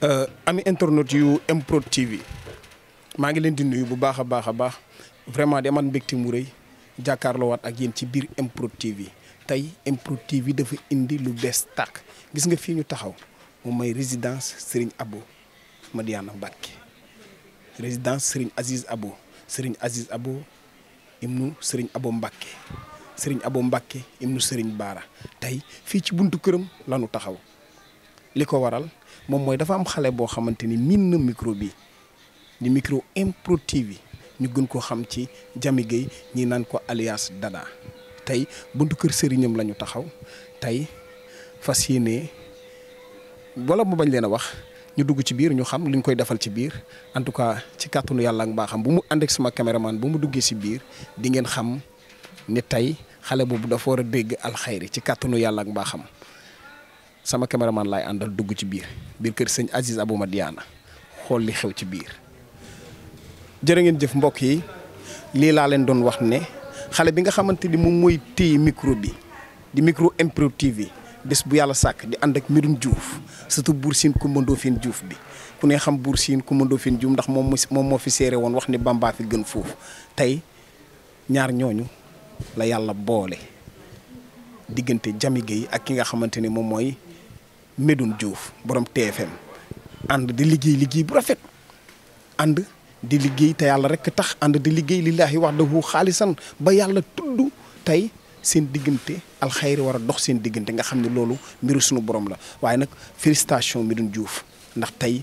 Euh, ami internet yu MPROD TV maa ngi leen di nuyu bu baax a baax a baax vraiment di man mbégte mu rëy jàkkaarloowaat ak yéen ci biir MPROD TV tey MPROD TV dafa indi lu bees tàkk gis nga fii ñu taxaw moom mooy résidence Serigne Abo Madiana Mbacké résidence Serigne Aziz Abo Serigne Aziz Abo ibnu Serigne Abo Mbacké Serigne Abo Mbacké ibnu Serigne Baara tey fii ci buntu këram lanu taxaw li ko waral. moom mooy dafa am xale boo xamante ni miin na micro bi di micro improtiv yi ñu gën ko xam ci Jami Gueye ñi naan ko alias Dada tey buntu kër sëriñam la ñu taxaw tey fas yéenee wala mu bañ leen a wax ñu dugg ci biir ñu xam li ñu koy defal ci biir en tout cas ci kàttanu yàlla ak mbaaxam bu mu ànd ak sama caméraman bu mu duggee si biir di ngeen xam ne tey xale boobu dafa war a dégg alxayri ci kàttanu yàlla ak mbaaxam. sama caméraman laay àndal dugg ci biir biir kër sëñ Aziz Abou Madiana xool li xew ci biir jërë ngeen jëf mbokk yi lii laa leen doon wax ne xale bi nga xamante ni moom mooy téye micro bi di micro improtive TV bés bu yàlla sàkk di ànd ak Medoune Diouf surtout Bour Sine Coumba Ndoffène Diouf bi ku ne xam Bour Sine Coumba Ndoffène Diouf ndax moom moom moo fi seere woon wax ni Bamba fi gën foofu tey ñaar ñooñu la yàlla boole diggante Jamy Gueye ak ki nga xamante ni moom mooy Medoune Diouf borom TFM ànd di liggéey liggéey bu rafet ànd di liggéey te yàlla rek tax ànd di liggéey lillaahi wahdahu xaalisan ba yàlla tudd tey seen diggante alxayri war a dox seen diggante nga xam ne loolu mbiru sunu borom la waaye nag félicitation Medoune Diouf ndax tey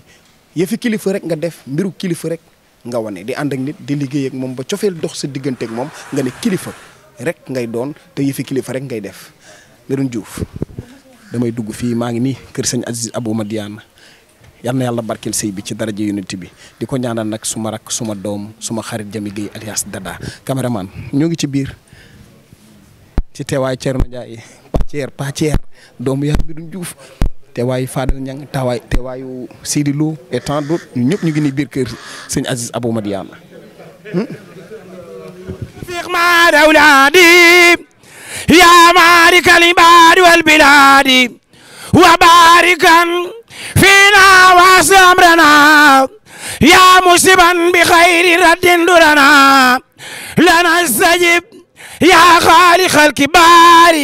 yëfi kilifa rek nga def mbiru kilifa rek nga wane di ànd ak nit di liggéey ak moom ba cofeel dox sa diggante ak moom nga ne kilifa rek ngay doon te yëfi kilifa rek ngay def Medoune Diouf damay dugg fii maa ngi nii kër sëñ Aziz Abou Madiane yal na yàlla barkeel sëy bi ci daraja unité bi di ko ñaanal nag suma rak suma doom suma xarit Jami Guèye alias Dada caméraman ñoo ngi ci biir ci teewaay Thierno Ndiaye Pàcceer Pàcceer doom yaa bi duñ juuf teewaayu Fadel Niang teewaay teewaayu Sidi Lo et tant ñu ñëpp ñu ngi nii biir kër sëñ Aziz Abou Madiane. Hmm? يا مالك العباد والبلاد وباركا فينا واسع أمرنا يا مسبا بخير رد درنا لنا استجب يا خالق الكبار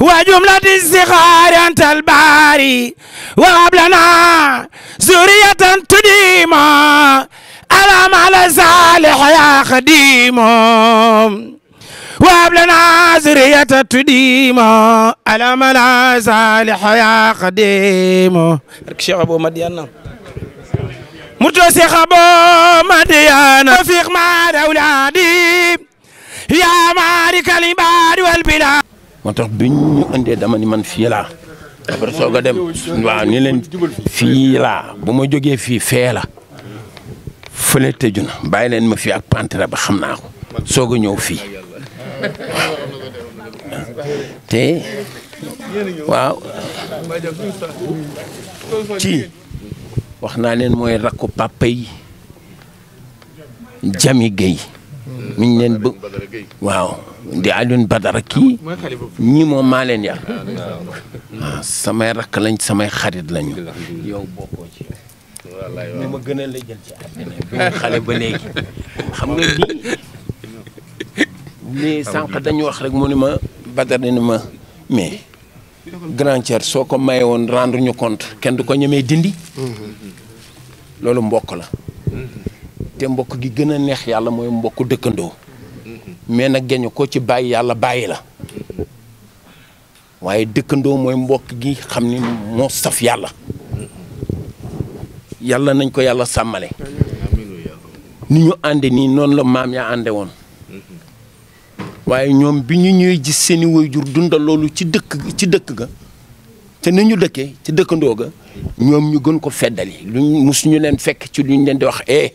وجملة الصغار أنت الباري وهب لنا ذرية تديم ألم على صالح يا خديم وهب لنا ذرية تديم على ملا صالح يا قديم شيخ أبو مدينة مرتو شيخ أبو مدينة وفيق مع أولادي يا مالك العباد والبلاد moo tax bi ñu dama ni man fii laa après dem waaw ni leen fii laa bu ma jógee fii fee la fële tëju na leen ma fii ak pantre ba xam naa ko soog fii te waaw ci wax naa leen mooy rakku papa yi Jami Guèye mi leen bëgg waaw di Alioune Badara kii ñi moom maa leen yar ah, samay rakk lañ samay xarit lañu yow bokkoo ci xale ba léegi xam nga nii mais sànq dañu wax rek mu ni ma Badara ni ma mais grand soo ko mayee woon rendre ñu compte kenn du ko ñemee dindi loolu mbokk la te mbokk gi gën a neex yàlla mooy mbokk dëkkandoo mais nag geñu ko ci bàyyi yàlla bàyyi la waaye dëkkandoo mooy mbokk gi xam ni moo saf yàlla yàlla nañ ko yàlla sàmmale ni ñu ànde nii noonu la maam yaa àndee woon waaye ñoom bi ñu ñuy gis seeni jur dundal loolu ci dëkk ci dëkk ga te ni ñu dëkkee ci dëkkandoo ga ñoom ñu gën ko feddali luñ mosuñu leen fekk ci luñ leen di wax eh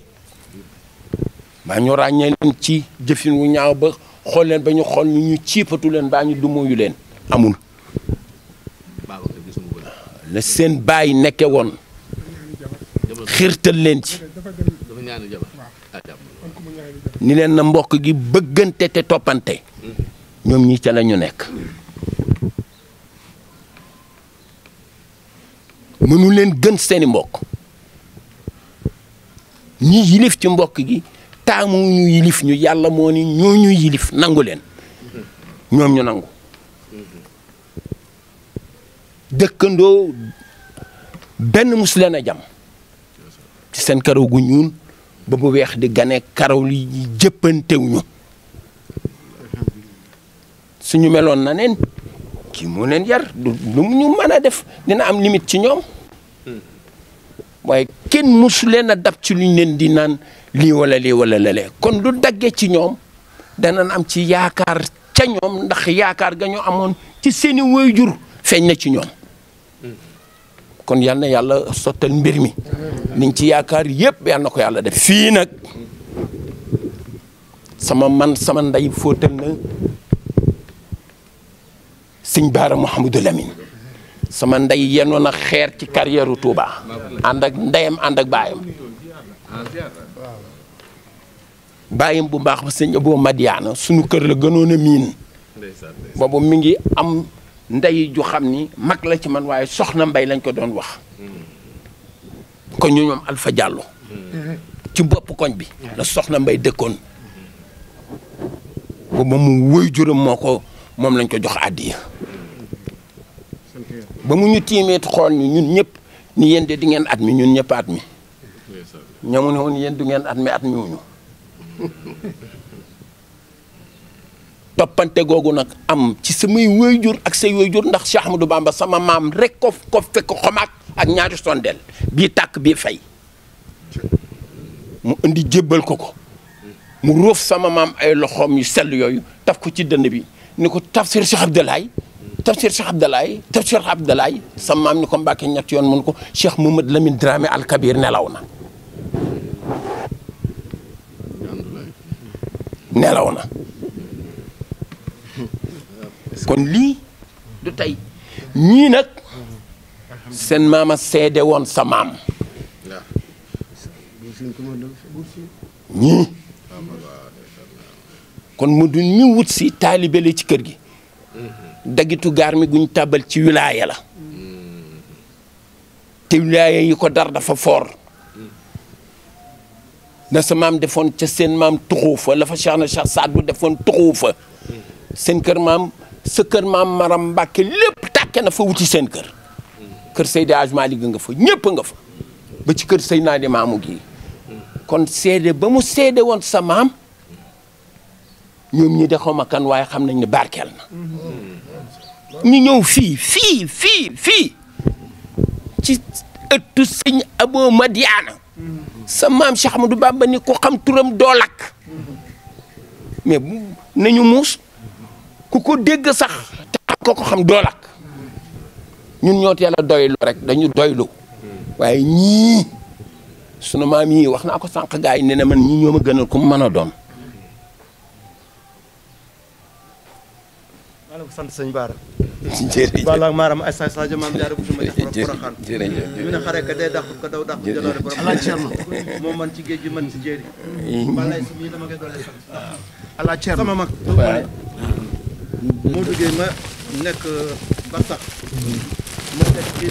maa ñu leen ci jëfin wu ñaaw ba xool leen ba ñu xool ñu ñu ciipatu leen baa ñu dumoyu leen amul la seen bàyyi nekkee woon xirtal leen ci ni leen na mbokk gi bëggante te toppante ñoom ñii ca la ñu nekk mënuleen gën seeni mbokk ñi yilif ci mbokk gi taamu ñu yilif ñu yàlla moo ni ñoo ñu yilif nangu leen ñoom ñu nangu dëkkandoo benn mus a jam ci seen karaw gu ñuul ba bu weex di gane karaw li jëppantewuñu suñu meloon na neen kii mu leen yar du lu ñu mën a def dina am limite ci ñoom waaye kenn mësu leen a dab ci luñ leen di naan lii wala lii wala lalee kon lu daggee ci ñoom danañ am ci yaakaar ca ñoom ndax yaakaar ga ñu amoon ci seeni waajur feeñ na ci ñoom kon yal yàlla sottal mbir mi niñ ci yaakaar yëpp yal na ko yàlla def fii nag sama man sama ndey fóotal na sëñ Baara Mouhamadou Lamine sama ndey yenoon a xeer ci carrière Touba ànd ak ndeyam ànd ak baayam baayam bu baax ba sëñ Abou sunu kër la gënoon a miin boobu mi ngi am ndey ju xam ni mag la ci man waaye soxna mbay lañ ko doon wax ko ñu ñoom Alpha Diallo ci bopp koñ bi la soxna mbay dëkkoon ba mu wëy juróom moo ko moom lañ ko jox àddiya ba mu ñu tiimee xool ni ñun ñëpp ni yéen de di ngeen at mi ñun ñëpp at mi ñamu ne woon yéen du ngeen at mi at mi wuñu toppante googu nag am ci samay waajur ak say waajur ndax Cheikh Ahmadou Bamba sama maam rek ko ko fekk xomaak ak ñaari sondeel bii tàkk bii fay mu indi jébbal ko ko mu róof sama maam ay loxoom yu sell yooyu taf ko ci dënn bi ni ko tafsir Cheikh Abdoulaye tafsir Cheikh Abdoulaye tafsir Cheikh Abdoulaye sama maam ni ko Mbàkke ñett yoon mun ko Cheikh Mamadou Lamine Dramé Al Kabir nelaw na nelaw na kon lii du tey ñii nag seen maama seede woon sa maam ñii kon mu du ñu wut si taalibe la ci kër gi dagitu gaar mi guñ tàbbal ci wilaaya la te wilaaya yi ko dar dafa foor na sa maam defoon ca seen maam tuxu fa la fa Cheikh na Cheikh Saad bu defoon tuxu fa seen kër maam sa kër maam Maram Mbàkke lépp tàkke na fa wuti seen kër kër Seydi Hadji Malick nga fa ñëpp nga fa ba ci kër sëy naa di maamu gi kon seede ba mu seede woon sa maam ñoom ñi de xawma kan waaye xam nañ ne barkeel na ñu ñëw fii fii fii fii ci ëttu sëñ Abo Madiana sa maam Cheikh Ahmadou Bamba ni ko xam turam doo lakk mais nañu muus ku ko dégg sax te ko ko xam doolak ñun ñoo teel a doylu rek dañu doylu waaye ñii sunu maam yii wax naa ko sànq gars yi ne man ñii ñoo gën gënal ku mën a doon. maa ngi sant sëñ Baara. jërëjëf Balla Maram ay sa Sadio Maam Jaara bu ma def borom jërëjëf ñu ne man ci géej gi man ci jéeri. moo duggee ma nekk euh, Barsax ma nekk ci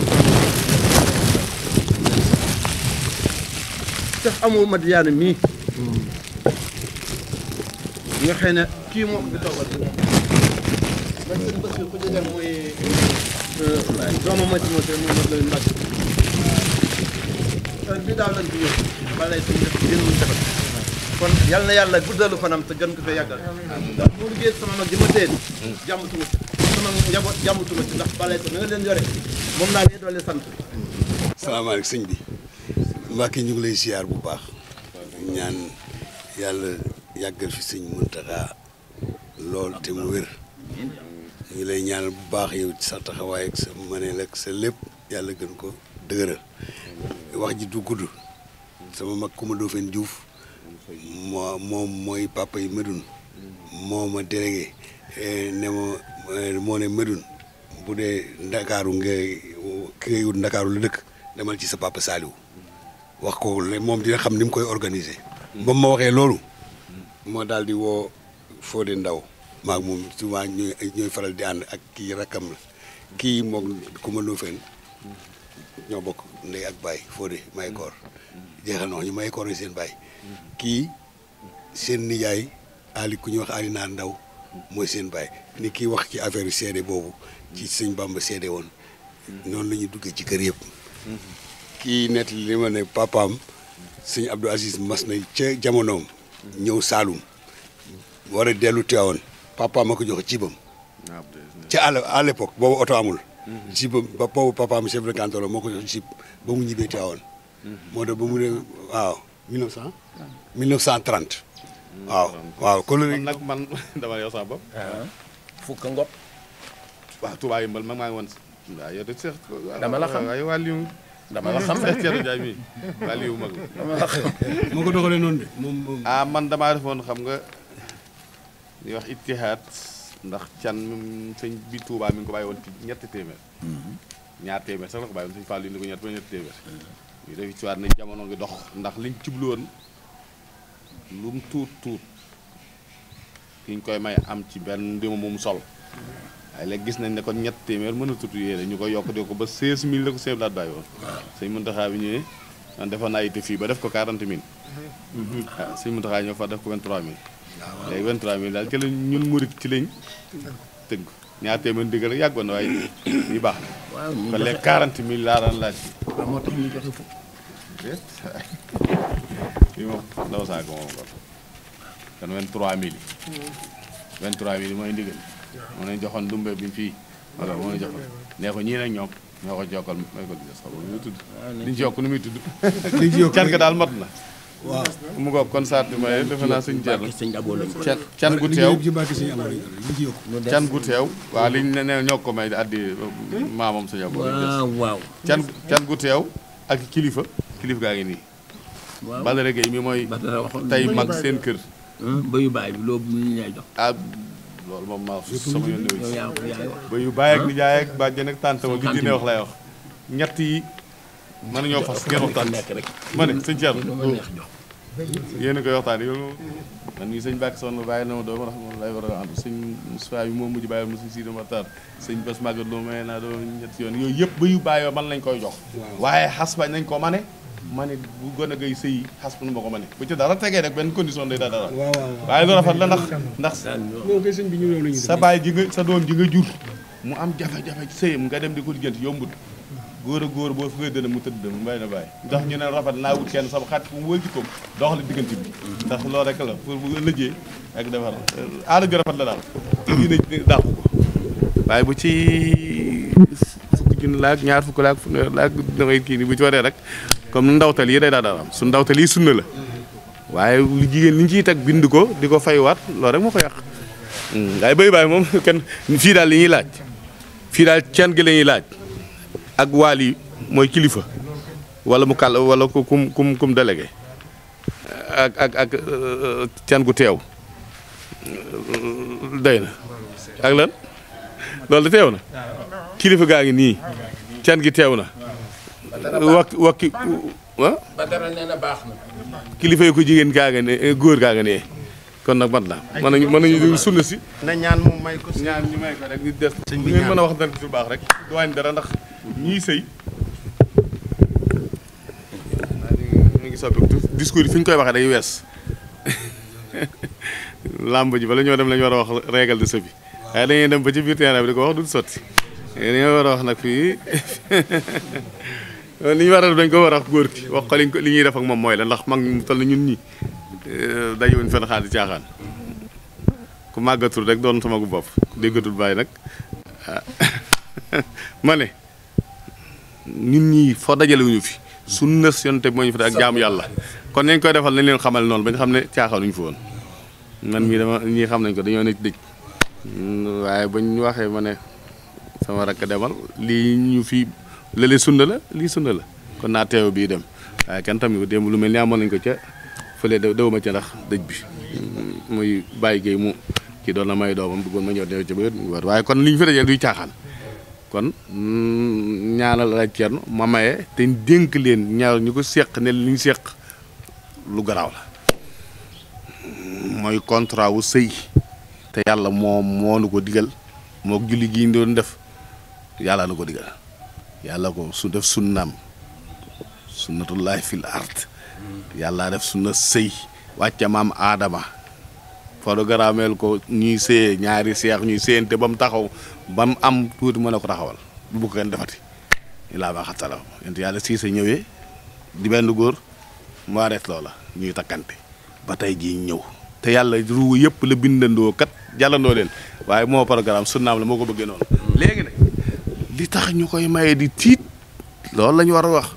tax amoo Madiyaana mii nga xëy ne kii moo ko fi toogal man seen bés ku ci dem mooy euh, euh, doomu ma ci moom moom la ñu mbàkk bi daaw lañ fi ñëw balay suñu def génn defal kon yal yàlla guddalu fanam te jon bu liggéey sama mag di ma téen jàmbatuma si ndax bale ko na leen yore moom naa leen doole sant salaamaaleykum sëñ bi Mbacke ñu ngi lay ziar bu baax ñaan yàlla yàggal fi sëñ Muntaxa lool te mu wér ñu lay ñaanal bu baax yow ci sa taxawaay ak sa mëneel ak sa lépp yàlla gën ko dëgëral wax ji du gudd sama mag ku ma doo fen juuf moo moom mooy papa yi Médoune moo ma délégué eh, ne ma eh, moo ne Médoune bu dee ndakaaru nga ki ngay wut ndakaaru la dëkk demal ci sa papa Saliou wax ko moom dina xam ni mu koy organiser. ba ma waxee loolu moo daal di woo Fodé Ndaw maag moom souvent ñooy ñooy faral di ànd ak kii rakkam la kii moom ku ma noo ñoo bokk ndey ak baay Fodé ma koor jeexal nox ñu may koor yi seen baay kii seen nijaay Ali ku ñuy wax Ali naa ndaw mooy seen baay ni kii wax ci affaire seede boobu ci sëñ Bamba seede woon noonu la ñuy duggee ci kër yëpp kii nett li ma papaam sëñ Abdou Aziz mas na ca jamonoom ñëw Saalum war a dellu Tiwaawan papaam a ko jox jibam ca à l'époque boobu oto amul jibam ba boobu papaam chef de canton moo ko jox jib ba mu ñibbee Tiwaawan moo tax ba mu ne waaw 1900. 1930. waaw waaw nag man dama yow sama bopp. Uh-huh. waaw maa ngi woon. waaw yow de Seex. dama la xam ko doxalee noonu ah, man damaa defoon xam nga li wax ittihaad ndax can sëñ bi Touba mi ngi ko bàyyi woon ci ñetti téeméer. Mm-hmm. ñaar téeméer sax la ko bàyyi woon sëñ Fall yi ñett ba ñu def ci waat ne jamono ngi dox ndax liñ jubluwoon lu mu tuut tuut ki koy may am ci benn ndima mu sol waaye léegi gis nañ ne kon ñett téeméer mën a tut yéene ñu ko yokk de ko ba 16000 la ko sëñ Abdou bàyyi woon sëñ Muntaxa bi ñëwee man defoon naa yitte fii ba def ko 40000 waaw sëñ Muntaxa ñëw fa def ko 23000 léegi 23000 daal ci la ñun murit ci lañ tëgg ñaar téeméer ndigal ak yàggoon waaye lii baax na. waaw ñu joxe kon les laa daan laaj. waaw moo tax ñu joxe fukk. mooy ndigal. waaw moo leen joxoon bi fii. wala moo leen joxoon nee ko ñii nag ñoom. ñoo ko jokkal may ko di des xam nga lu muy tudd. waaw daal mat na. waaw mu ngoog kon saat bi maye defe naa suñ jël can can gu teew can gu teew waaw liñ ne ne ñoo ko may addi uh, maamam suñu abo waaw can gu teew ak kilifa kilifa gaa ngi nii Badara Gueye mi mooy tey mag seen kër hmm, bayu baay bi loolu ñu ñay jox ah loolu moom maa sama yoon ne bayu baay ak wax hmm? lay wax ñett yi mën nañoo fas ngeen waxtaan ma ne sëñ Thierno yéen a koy waxtaan yow man mii sëñ Bàkk Sonn na ma dooma rahmatullahi wa barakatuh sëñ Moustapha bi moom mujj bàyyi ma sëñ Sidi Matar yoon yooyu yëpp ba yu bàyyoo man lañ koy jox waaye xas ba nañ ko mane ma ne bu gën a gay sëy xas bu ma ko ma ne bu ci dara tegee rek benn condition day da dara waaye lu rafet la ndax ndax sa baay ji nga sa doom ji nga jur mu am jafe-jafe sëyam nga dem di ko diggante yombut góor a góor boo fukkee dënn mu tëdd mu mbay na bàyyi ndax ñu ne rafet naa wut kenn sama xarit mu wër jikkoom doxal diggante bi ndax loolu rek la pour bu ëllëgee ak defar ju rafet la daal diine dàqu ko waaye bu ci fukki junni laag ñaar fukki laag fanweer laag dangay kii ni bu ci waree rek comme ndawtal yi day daal su ndawtal yi sunna la waaye jigéen liñ ciy teg bind ko di ko fay waat loolu rek moo ko yàq waaye bay baay moom kenn fii daal li ñuy laaj fii daal ceen gi la ñuy laaj ak waali mooy kilifa wala mu kàll wala ku kum kum kum délégué ak ak ak euh, can gu teew euh, day na ak lan loolu teew na kilifa gaa ngi nii can gi teew na wakki wakki kilifa yi ko jigéen gaa nga ne góor gaa ngi ne kon nag man na mën nañu mën nañu sunna si na ñaan mu may ko ñaan ñu may ko rek ñu des mën a wax dara ci baax rek du dara ndax ñii sëy mu ngi soppi discours yi koy waxee day wees làmb ji bala ñoo dem la ñu a wax régal de bi waaye dañuy dem ba ci biir terrain di ko wax du sotti dañoo nag fii li ñu war dañ ko war a góor gi wax li ñuy def ak moom mooy la ndax mag mu toll ñi Eh, dajewuñ fenn xaalis caaxaan ku màggatul rek doon sama gu bopp ku déggatul bàyyi nag ah. ma ne nit ñi foo dajalewuñu fi sunna yonte bi moo ñu fa ak jaamu yàlla kon nañ koy defal nañ leen xamal noonu ba ñu xam ne caaxaanuñu fi woon man mii dama ñii xam nañ ko dañoo nekk dëj mm, waaye bañ waxee ma ne sama rakk demal lii ñu fi lële sunna la lii sunna la kon naa teew bii dem waaye kenn tamit démb lu mel ni amoon nañ ko ca fële dawuma ci ndax dëj bi muy bàyyi géey mu kii doon na may doomam bëggoon ma ñëw ñëw ci biir mu waaye kon li ñu fi dajee duy caaxaan kon mm, ñaanal laaj kenn ma maye te dénk leen ñaar ñu ko seq ne li ñu seq lu garaaw la mooy contrat wu sëy te yàlla moo moo nu ko digal moo julli gi ñu doon def yàlla nu ko digal yàlla ko su def sunnaam sunnatullahi fil ard yàlla def sunna sëy wàcce maam aadama fotogrammeel ko ñuy séyee ñaari seex ñuy séyante ba mu taxaw ba mu am tuuti mën a ko taxawal bu ko kenn defati ilaa ma xasalaam yàlla sii sa ñëwee di benn góor mu warees loola ñuy takkante ba tey jii ñëw te yàlla ruu yëpp la bindandoo kat jàllandoo leen waaye moo programme sunnaam la moo ko bëggee noonu léegi nag li tax ñu koy maye di tiit loolu la ñu war a wax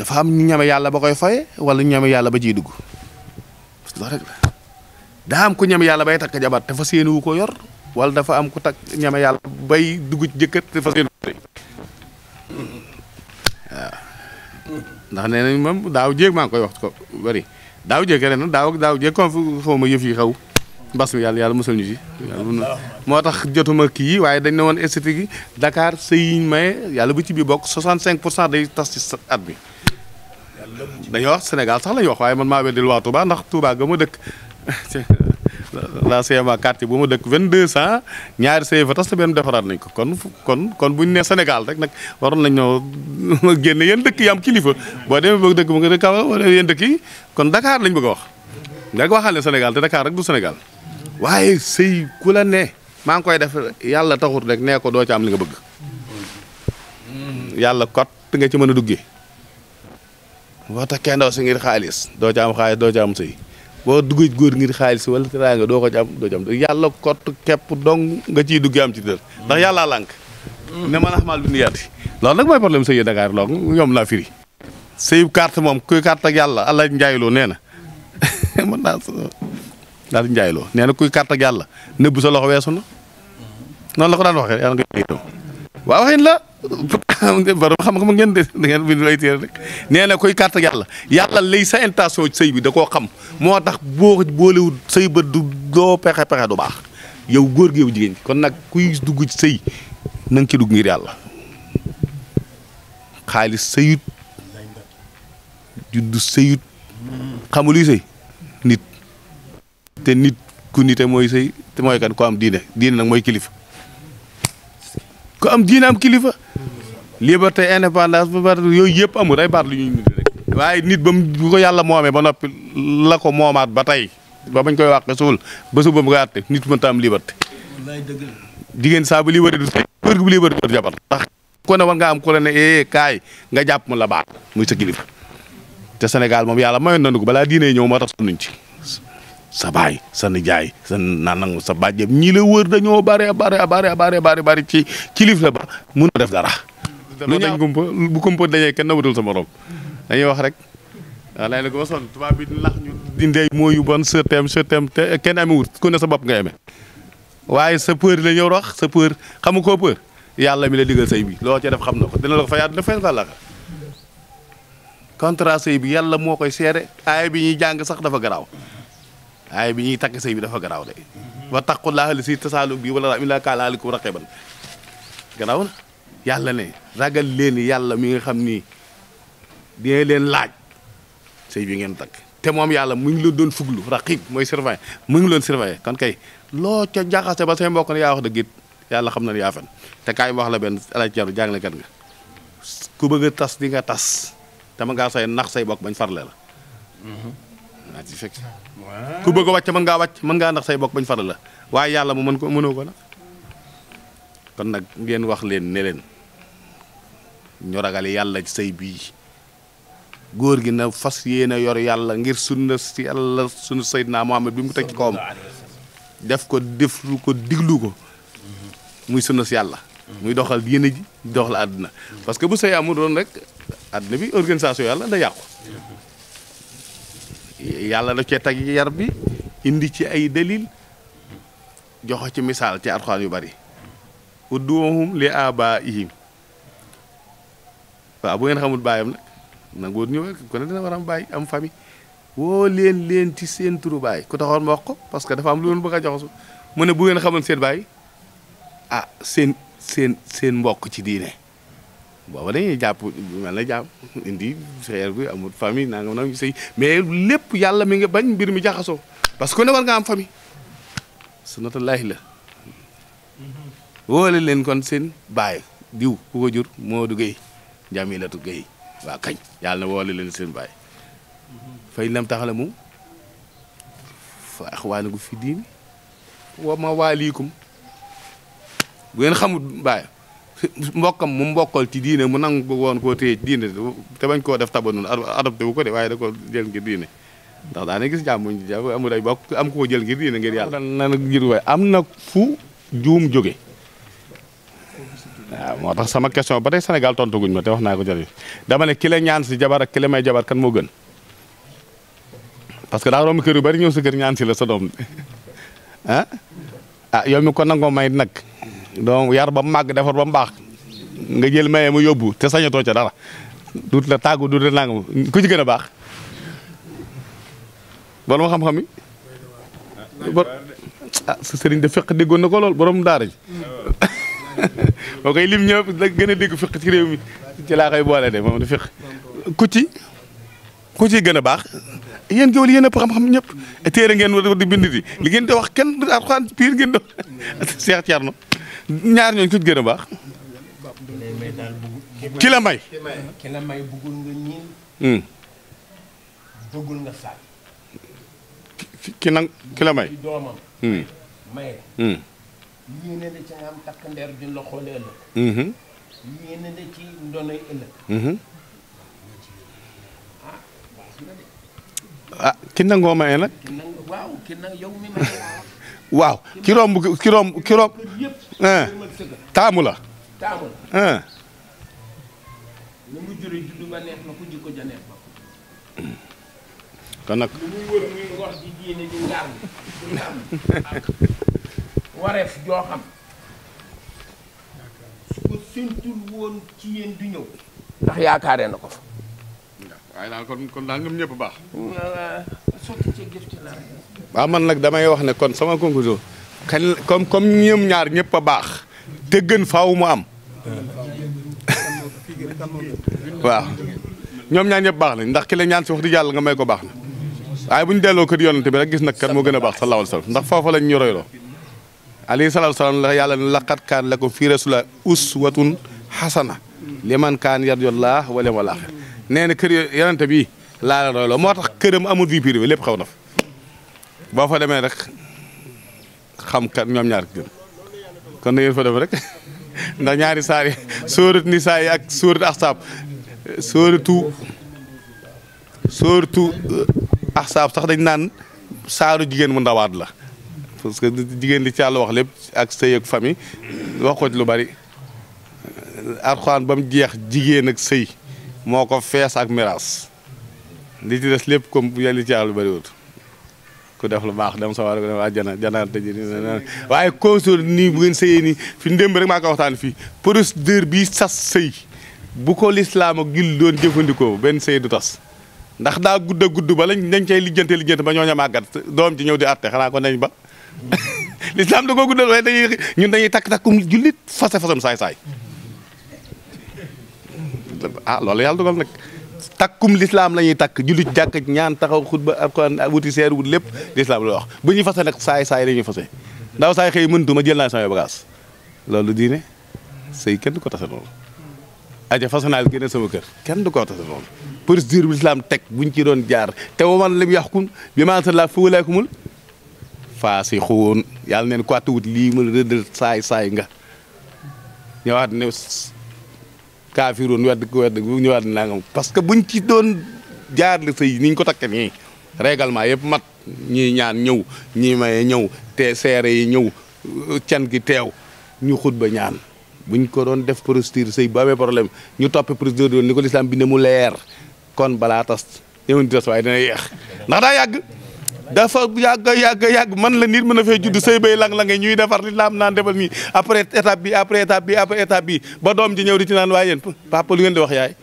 dafa am ñu ñame yàlla ba koy fay wala ñu ñame yàlla ba ciy dugg daa am ko ñame yàlla bay takk jabar te fas yéene wu ko yor wala dafa am ko takk ñame yàlla bay dugg ci jëkkër te fas yéene waaw ndax nee nañ moom daaw jéeg maa ngi koy wax ko bëri daaw jéeg na daaw daaw jéeg kon foo ma yëf yi xaw mbas mi yàlla yàlla musal ñu si moo tax jotuma kii waaye dañ ne woon esthétique dakaar Dakar sëy maye yàlla bu ci bii bokk 65 pour cent day tas ci at bi dañuy wax Sénégal sax la ñuy wax waaye man maa weddi waa Touba ndax Touba ga ma dëkk la CMA quartier bu ma dëkk vingt deux cent ñaari sey fa tas te benn defaraat nañ ko kon kon kon buñ ne Sénégal rek nag waroon nañ ñoo génne yéen dëkk yi am kilifa boo demee bëgg dëkk bu nga dëkk wala yéen dëkk yi kon Dakar lañ bëgg a wax dag waxaale Sénégal te Dakar rek du Sénégal waaye sëy ku la ne maa ngi koy def yàlla taxut rek nee ko doo ci am li nga bëgg yàlla kot nga ci mën a duggee boo takkee ndaw si ngir xaalis doo ci am doo ci am sëy boo dugg góor ngir xaalis wala teraanga doo ko ci doo ci am yàlla kott képp dong nga ciy dugg am ci dër ndax yàllaa lànk ne man axamaal bi nu yaati loolu nag mooy problème sëy Dakar loolu ñoom laa firi sëyu carte moom kuy carte yàlla allah njaayloo nee na mën naa daal njaayloo na kuy carte ak yàlla nëbb weesu na noonu la ko daan waxee yàlla nga waaw waxin la borom xam-xam ngeen de da ngeen bind lay téere rek nee na koy kàtt yàlla yàlla lay sa intention sëy bi da koo xam moo tax boo boolewul sëy ba du doo pexe pexe du baax yow góor gi yow jigéen kon nag kuy dugg ci sëy na nga ci dugg ngir yàlla xaalis sëyut juddu sëyut xamul sëy nit te nit ku nite mooy sëy te mooy kan ko am diine diine nag mooy kilifa. ku am diine am kilifa liberté indépendance ba pare yooyu yëpp amul ay baat lu ñuy nit waaye nit ba mu ko yàlla moomee ba noppi la ko moomaat ba tey ba bañ koy wàqe suul ba suba mu koy àtte nit mënta am liberté jigéen saabu bu liberté du sëy góor gi bu liberté du jabar ndax ko ne war nga am ku la ne ee eh, kaay nga jàpp mu la baat mu sa kilifa te Sénégal moom yàlla mayoon nañu ko balaa diine ñëw moo tax sunuñ ci sa baay sa nijaay sa naanang sa bàjjëm ñii la wër dañoo bare bare bare bari bare bare ci kilifa ba mun mënoo def dara. lu dañ kumpa bu kumpa dañee kenn nawatul sa morom dañuy wax rek. waaw ah, lay bi lax ñu bon sërteem kenn amewut ku ne sa bopp nga amee waaye sa peur la ñëw wax sa peur xamu ko peur yàlla mi la digal say bi loo ca def xam na ko dina la ko fa yaatu bi yàlla moo koy seere aaya bi ñuy jàng sax dafa garaaw. aay bi ñuy takk sëy bi dafa garaaw de wa taqullaaha li si tasaalu bi wala ila kaala alikum raqiban garaaw na yàlla ne ragal leen yàlla mi nga xam ni dina leen laaj sëy bi ngeen takk te moom yàlla mu ngi la doon fuglu raqib mooy surveiller mu ngi loon surveiller kon kay loo ca jaxase ba say mbokk ne yaa wax dëgg it yàlla xam na ne yaa fen te kaay ma wax la benn alaj jaru jàngalekat nga ku bëgg a tas di nga tas dama ngaa say nax say bokk bañ farle la mhm. naa ci fekk ku bëgg a wàcc mën ngaa wàcc mën ngaa ndax say bokk bañ faral la waaye yàlla mu mën ko mënoo ko nag kon nag ngeen wax leen ne leen ñu ragal yàlla ci bii góor gi na fas yéene yor yàlla ngir sunna si yàlla sunu Seydina Muhammad bi mu teg ci kawam def ko deflu diglu ko mhm. muy sunna si yàlla mhm. muy doxal yéene ji la àdduna mhm. parce que bu sëy amul doon rek àdduna bi organisation yàlla da yàqu yàlla da cee tag yar bi indi ci ay dalil joxe ci misaal ci alxuraan yu bari udduhum li abaihim waaw bu ngeen xamul bàyyam nag nanguwut ñëw ku ne dina war am bàyyi am famille woo leen leen ci seen turu baay ku taxoon ma parce que dafa am lu leen bëgg a jox su ne bu ngeen xamal seen baay a ah, seen seen seen mbokk ci diine booba dañuy jàpp mel na jàpp indi xeer bi amul famille nangam nag sëy mais lépp yàlla mi nga bañ mbir mi jaxasoo parce que ku ne war nga am famille sunnatullaahi la wóole leen kon seen baay diw ku ko jur Modou Gueye Jamilatu Gueye waa kañ yàlla na wóole leen seen baay fay lam taxala mu fa axwaanagu fi diini wa ma waaliikum bu ngeen xamul baay mbokkam mu mbokkal ci diine mu nangu ko woon koo téye diine te bañ koo def tabanun adopté wu ko de waaye da ko jël ngir diine ndax daana gis jàmm ji amul ay bokk am koo jël ngir diine ngir yàlla na ngir waaye am na fu juum jóge waaw moo tax sama question ba tey Sénégal tontoguñ ma te wax naa ko jërëjëf dama ne ki ñaan si jabar ak ki may jabar kan moo gën parce que daa romb kër yu bari ñëw sa kër ñaan si la sa doom ah ah yow mi ko nangoo may nag donc yar ba mu màgg defar ba mu baax nga jël maye mu yóbbu te sañatoo ca dara duut la tàggu duut la nangam ku ci gën a baax borom xam-xam yi ah sëriñ de fekk déggoon na ko lool borom daara ji boo koy lim ñëpp da gën a dégg fekk ci réew mi ci laa koy boole de moom da fekk ku ci ku gën a baax yéen géwël yéen ëpp xam-xam ñëpp téere ngeen war di bind di li ngeen di wax kenn du Alxuraan piir ngeen do Cheikh Thierno ñaar ñooñu ku gën a baax. ki la may. ki la hmm. ki la may. Hmm. Hmm. ci nga ah ki nangoo maye nag. waaw ki romb ki taamu la taamu la nag lu muy wër muy ngor ji diine ji ngaar wareef joo xam su ko séntul woon ci yéen du ñëw ndax yaakaaree na ko fa waaw man nag damay wax ne kon sama conclusion xel comme comme ñoom ñaar ñëpp a baax te gën faw mu am waaw ñoom ñaar ñëpp baax nañ ndax ki la ñaan si wax di yàlla nga may ko baax na waaye bu ñu delloo kër yonante bi rek gis nag kat moo gën a baax sallallahu alayhi ndax foofa lañ ñu royloo alayhi salaatu salaam la yàlla ne laqad kaan ko fii rasuula uswatun xasana liman kaan yarjullaah wal yawmal aaxir nee na kër yonante bi laa la royloo moo tax këram amul vie privée lépp xew na fa boo fa demee rek xam kat ñoom ñaar gën kon da fa def rek ndax ñaari saar yi sóorat nisaa ak sóorat axsaab sóoratu sóoratu eh, axsaab sax dañ naan saaru jigéen mu ndawaat la parce que jigéen li ci yàlla wax lépp ak sëy ak famille wax ko lu bari Alxuraan ba mu jeex jigéen ak sëy moo ko fees ak miraas li ci des lépp comme yàlla li ci yàlla lu bari wut ku def lu baax dem sa war ku def àjjana janaante ji waaye consor nii bu ngeen sëyee nii fi ndémb rek maa ko waxtaan fii procédure bi sas sëy bu ko lislaam ak jul doon jëfandikoo benn sëy du tas ndax daa gudd a gudd ba lañ dañ cay lijjante lijjante ba ñooña màggat doom ci ñëw di atte xanaa ko nañ ba lislaam da koo guddal waaye dañuy ñun dañuy takk takkum jullit fase fasam saay saay ah loolu yàlla dugal takkum lislaam la ñuy takk jullit jàkk ñaan taxaw xutba alquran wuti seer wut lépp lislaam la wax bu ñuy fase nag saay saay la ñuy fase ndaw saay xëy ma jël naa samay bagage loolu diine sëy kenn du ko tase noonu aja fase naa génne sama kenn du ko lislaam teg bu ñu ci doon jaar te waman lim yaxkum bi ma anzala fa ulaakumul faasiquun yàlla neen ko wut lii mu rëddal saay saay nga ñëwaat ne kaafiroon wedd wedd ñëwaat nangam parce que buñ ci doon jaarale sëy niñ ko takke nii règlement yëpp mat ñii ñaan ñëw ñii maye ñëw te seere yi ñëw can gi teew ñu xutba ñaan bu buñ ko doon def procédure sëy ba amee problème ñu topp procédure yoon ni ko lislaam bi mu leer kon balaa tas ñëwenti tas waaye dina yeex ndax daa yàgg dafa yàgg yàgg yàgg man la nit mën a fee judd sëy bay lang-lange ñuy defar li laam naan defal nii après étape bi après étape bi après étape bi ba doom ji ñëw di ci naan waaye yéen papa lu ngeen di wax yaay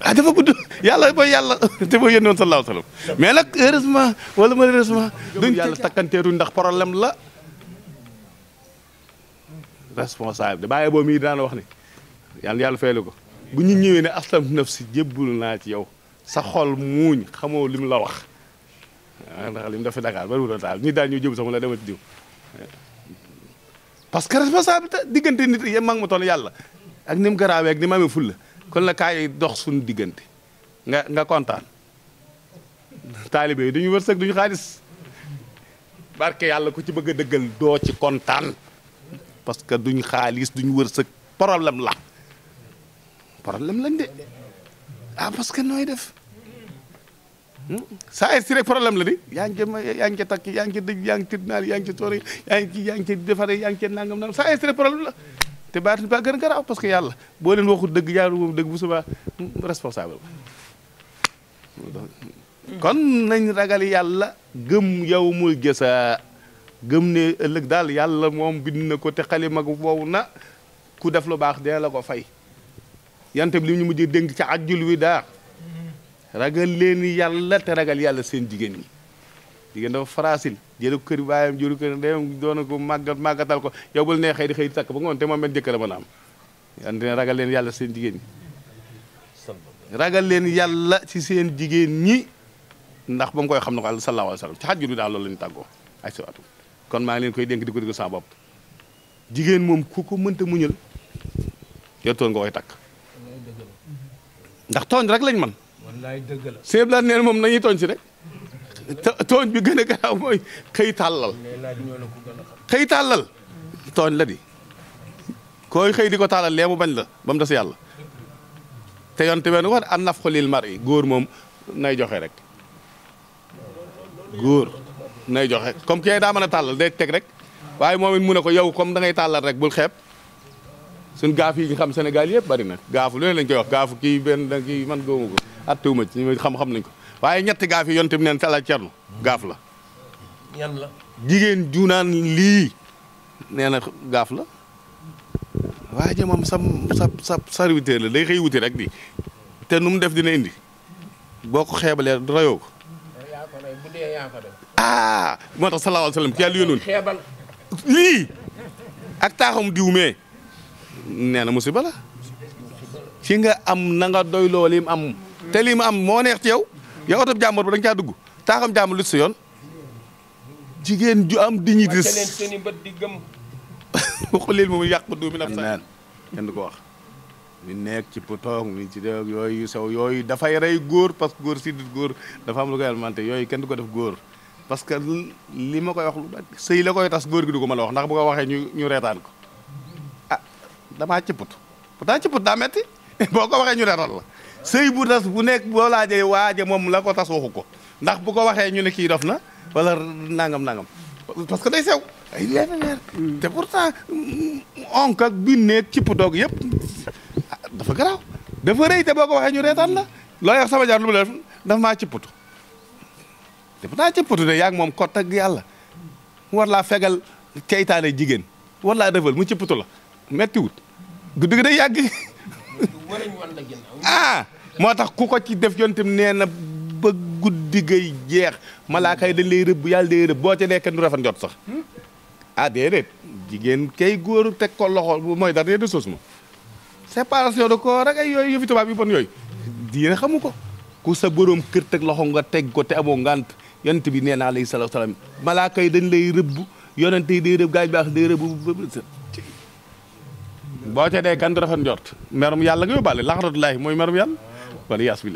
ah dafa gudd yàlla ba yàlla te ba yónni woon sallallahu alayhi mais nag heureusement wala malheureusement duñ yàlla takkanteeruñ ndax problème la responsable de bàyyi boobu mii daan wax ni yàlla yàlla faylu ko bu ñu ñëwee ne aslam naf si jébbul naa ci yow sa xol muuñ xamoo li mu la wax ah ndax li mu def fi Dakar bariwul a taal nit daal ñu jëm sax mu la demati diw parce que responsabilité diggante nit yéen mag ma toll yàlla ak ni mu garaawee ak ni mu fulla kon la kaay dox suñu diggante nga nga kontaan taalibe yi duñu wërsëg duñu xaalis barke yàlla ku ci bëgg a dëggal doo ci kontaan parce que duñ xaalis duñ wërsëg problème la problème lañ de ah parce que nooy def saa si rek problème la di yaa ngi ca yaa takk yaa ngi ca dëj yaa ngi ca naan yaa ngi ca toori yaa ngi ci yaa defaree yaa ngi ca saa si rek problème la te baatin ba gën a garaaw parce que yàlla boo leen waxul dëgg yaaru moom dëgg bu subaa mm, responsable kon nañ ragal yàlla gëm yow muy gësa gëm ne ëllëg daal yàlla moom bind na ko te xalima gu wow na ku def lu baax dina la ko fay yante bi li ñu mujjee dénk ca ajjul wi daa ragal leen yàlla te ragal yàlla seen jigéen ñi jigéen dafa faraasil jëlu kër baayam jëlu kër ndeyam doona ko màggat màggatal ko yow bul nee di xëy di takk ba ngoon te moom benn jëkkër a mën am and ragal leen yàlla seen jigéen ñi ragal leen yàlla ci seen jigéen ñi ndax ba koy xam ne ko àl sallallahu alayhi wasallam ci xajju bi daal loolu lañu tàggoo ay sawaatu kon maa ngi leen koy dénk di ko digal sa bopp jigéen moom ku ko mënta muñal yow toon nga koy takk ndax tooñ rek lañ man wallaay dëgg la sëñ Abdoulaye moom nañuy tooñ si rek tooñ bi gën a garaaw mooy xëy tàllal xëy tàllal tooñ la di koy xëy di ko tàllal lee bañ la ba mu des yàlla te yonte benn wax an naf xolil mar yi góor moom nay joxe rek góor nay joxe comme kee daa mën a tàllal day teg rek waaye moom it mu ne ko yow comme da ngay tàllal rek bul xeeb suñ gaaf yi ñu xam senegal yëpp bari na gaafu lu ne lañ koy wax gaafu kii benn kii man góomu ko attewuma ci ñu xam-xam nañ ko waaye ñetti gaaf yi yonte bi neen tala cernu gaaf la yan la jigéen junaan lii nee na gaaf la waaye ja moom sa sa sa la day xëy wuti rek di te nu mu def dina indi boo ko xeebalee rayoo ko ah moo tax sallallahu alayhi wa sallam ki yàlla yónnoon lii ak taaxam diw mee nee na musiba la ci nga am na nga doyloo lim am te lim am moo neex ci yow yow oto jàmbur ba da nga caa dugg taaxam jàmbur lu si yoon jigéen ju am dignité waxu leen moom yàq duumi naf sa kenn du ko wax ñu nekk ci potoog ñu ci def yooyu saw yooyu dafay rey góor parce que góor si dit góor dafa am lu koy alimenté yooyu kenn du ko def góor parce que li ma koy wax lu sëy la koy tas góor gi du ko ma a wax ndax bu ko waxee ñu ñu reetaan ko damaa cëpput pourtant cëpput daa metti boo ko waxee ñu ne ral la sëy bu tas bu nekk boo laajee waaje moom la ko tas ko ndax bu ko waxee ñu ne kii dof na wala nangam nangam parce que day sew ay leer leer hmm. te pourtant onk ak binneeg cipp doog yëpp dafa garaaw dafa rëy te boo ko waxee ñu reetaan la looy wax sama lu mu def dafa maa cipputu te pourtant cipputu de yaa ngi moom kott ak yàlla war laa fegal ceytaane jigéen war laa defal mu cipputu la méttiwut guddi gi day yàgg ah moo tax ku ko ci def yontam nee na ba guddi gay jeex malaaka yi dañ lay rëbb yàlla day rëbb boo ca nekk du rafet jot sax hmm? ah déedéet jigéen kay góor teg ko loxo mooy dara de soos ma séparation de corps rek ay yooyu yëfi tubaab yi bon yooyu diine xamu ko ku sa boroom kër teg loxo nga teg ko te amoo ngant yonent bi nee na alayhi salaatu salaam malaaka yi dañ lay rëbb yonent yi day rëbb gaañ baax day rëbb boo ca dee gan du rafet njort merum yàlla nga yóbbaale laxaratulaahi mooy merum yàlla wala yaas bi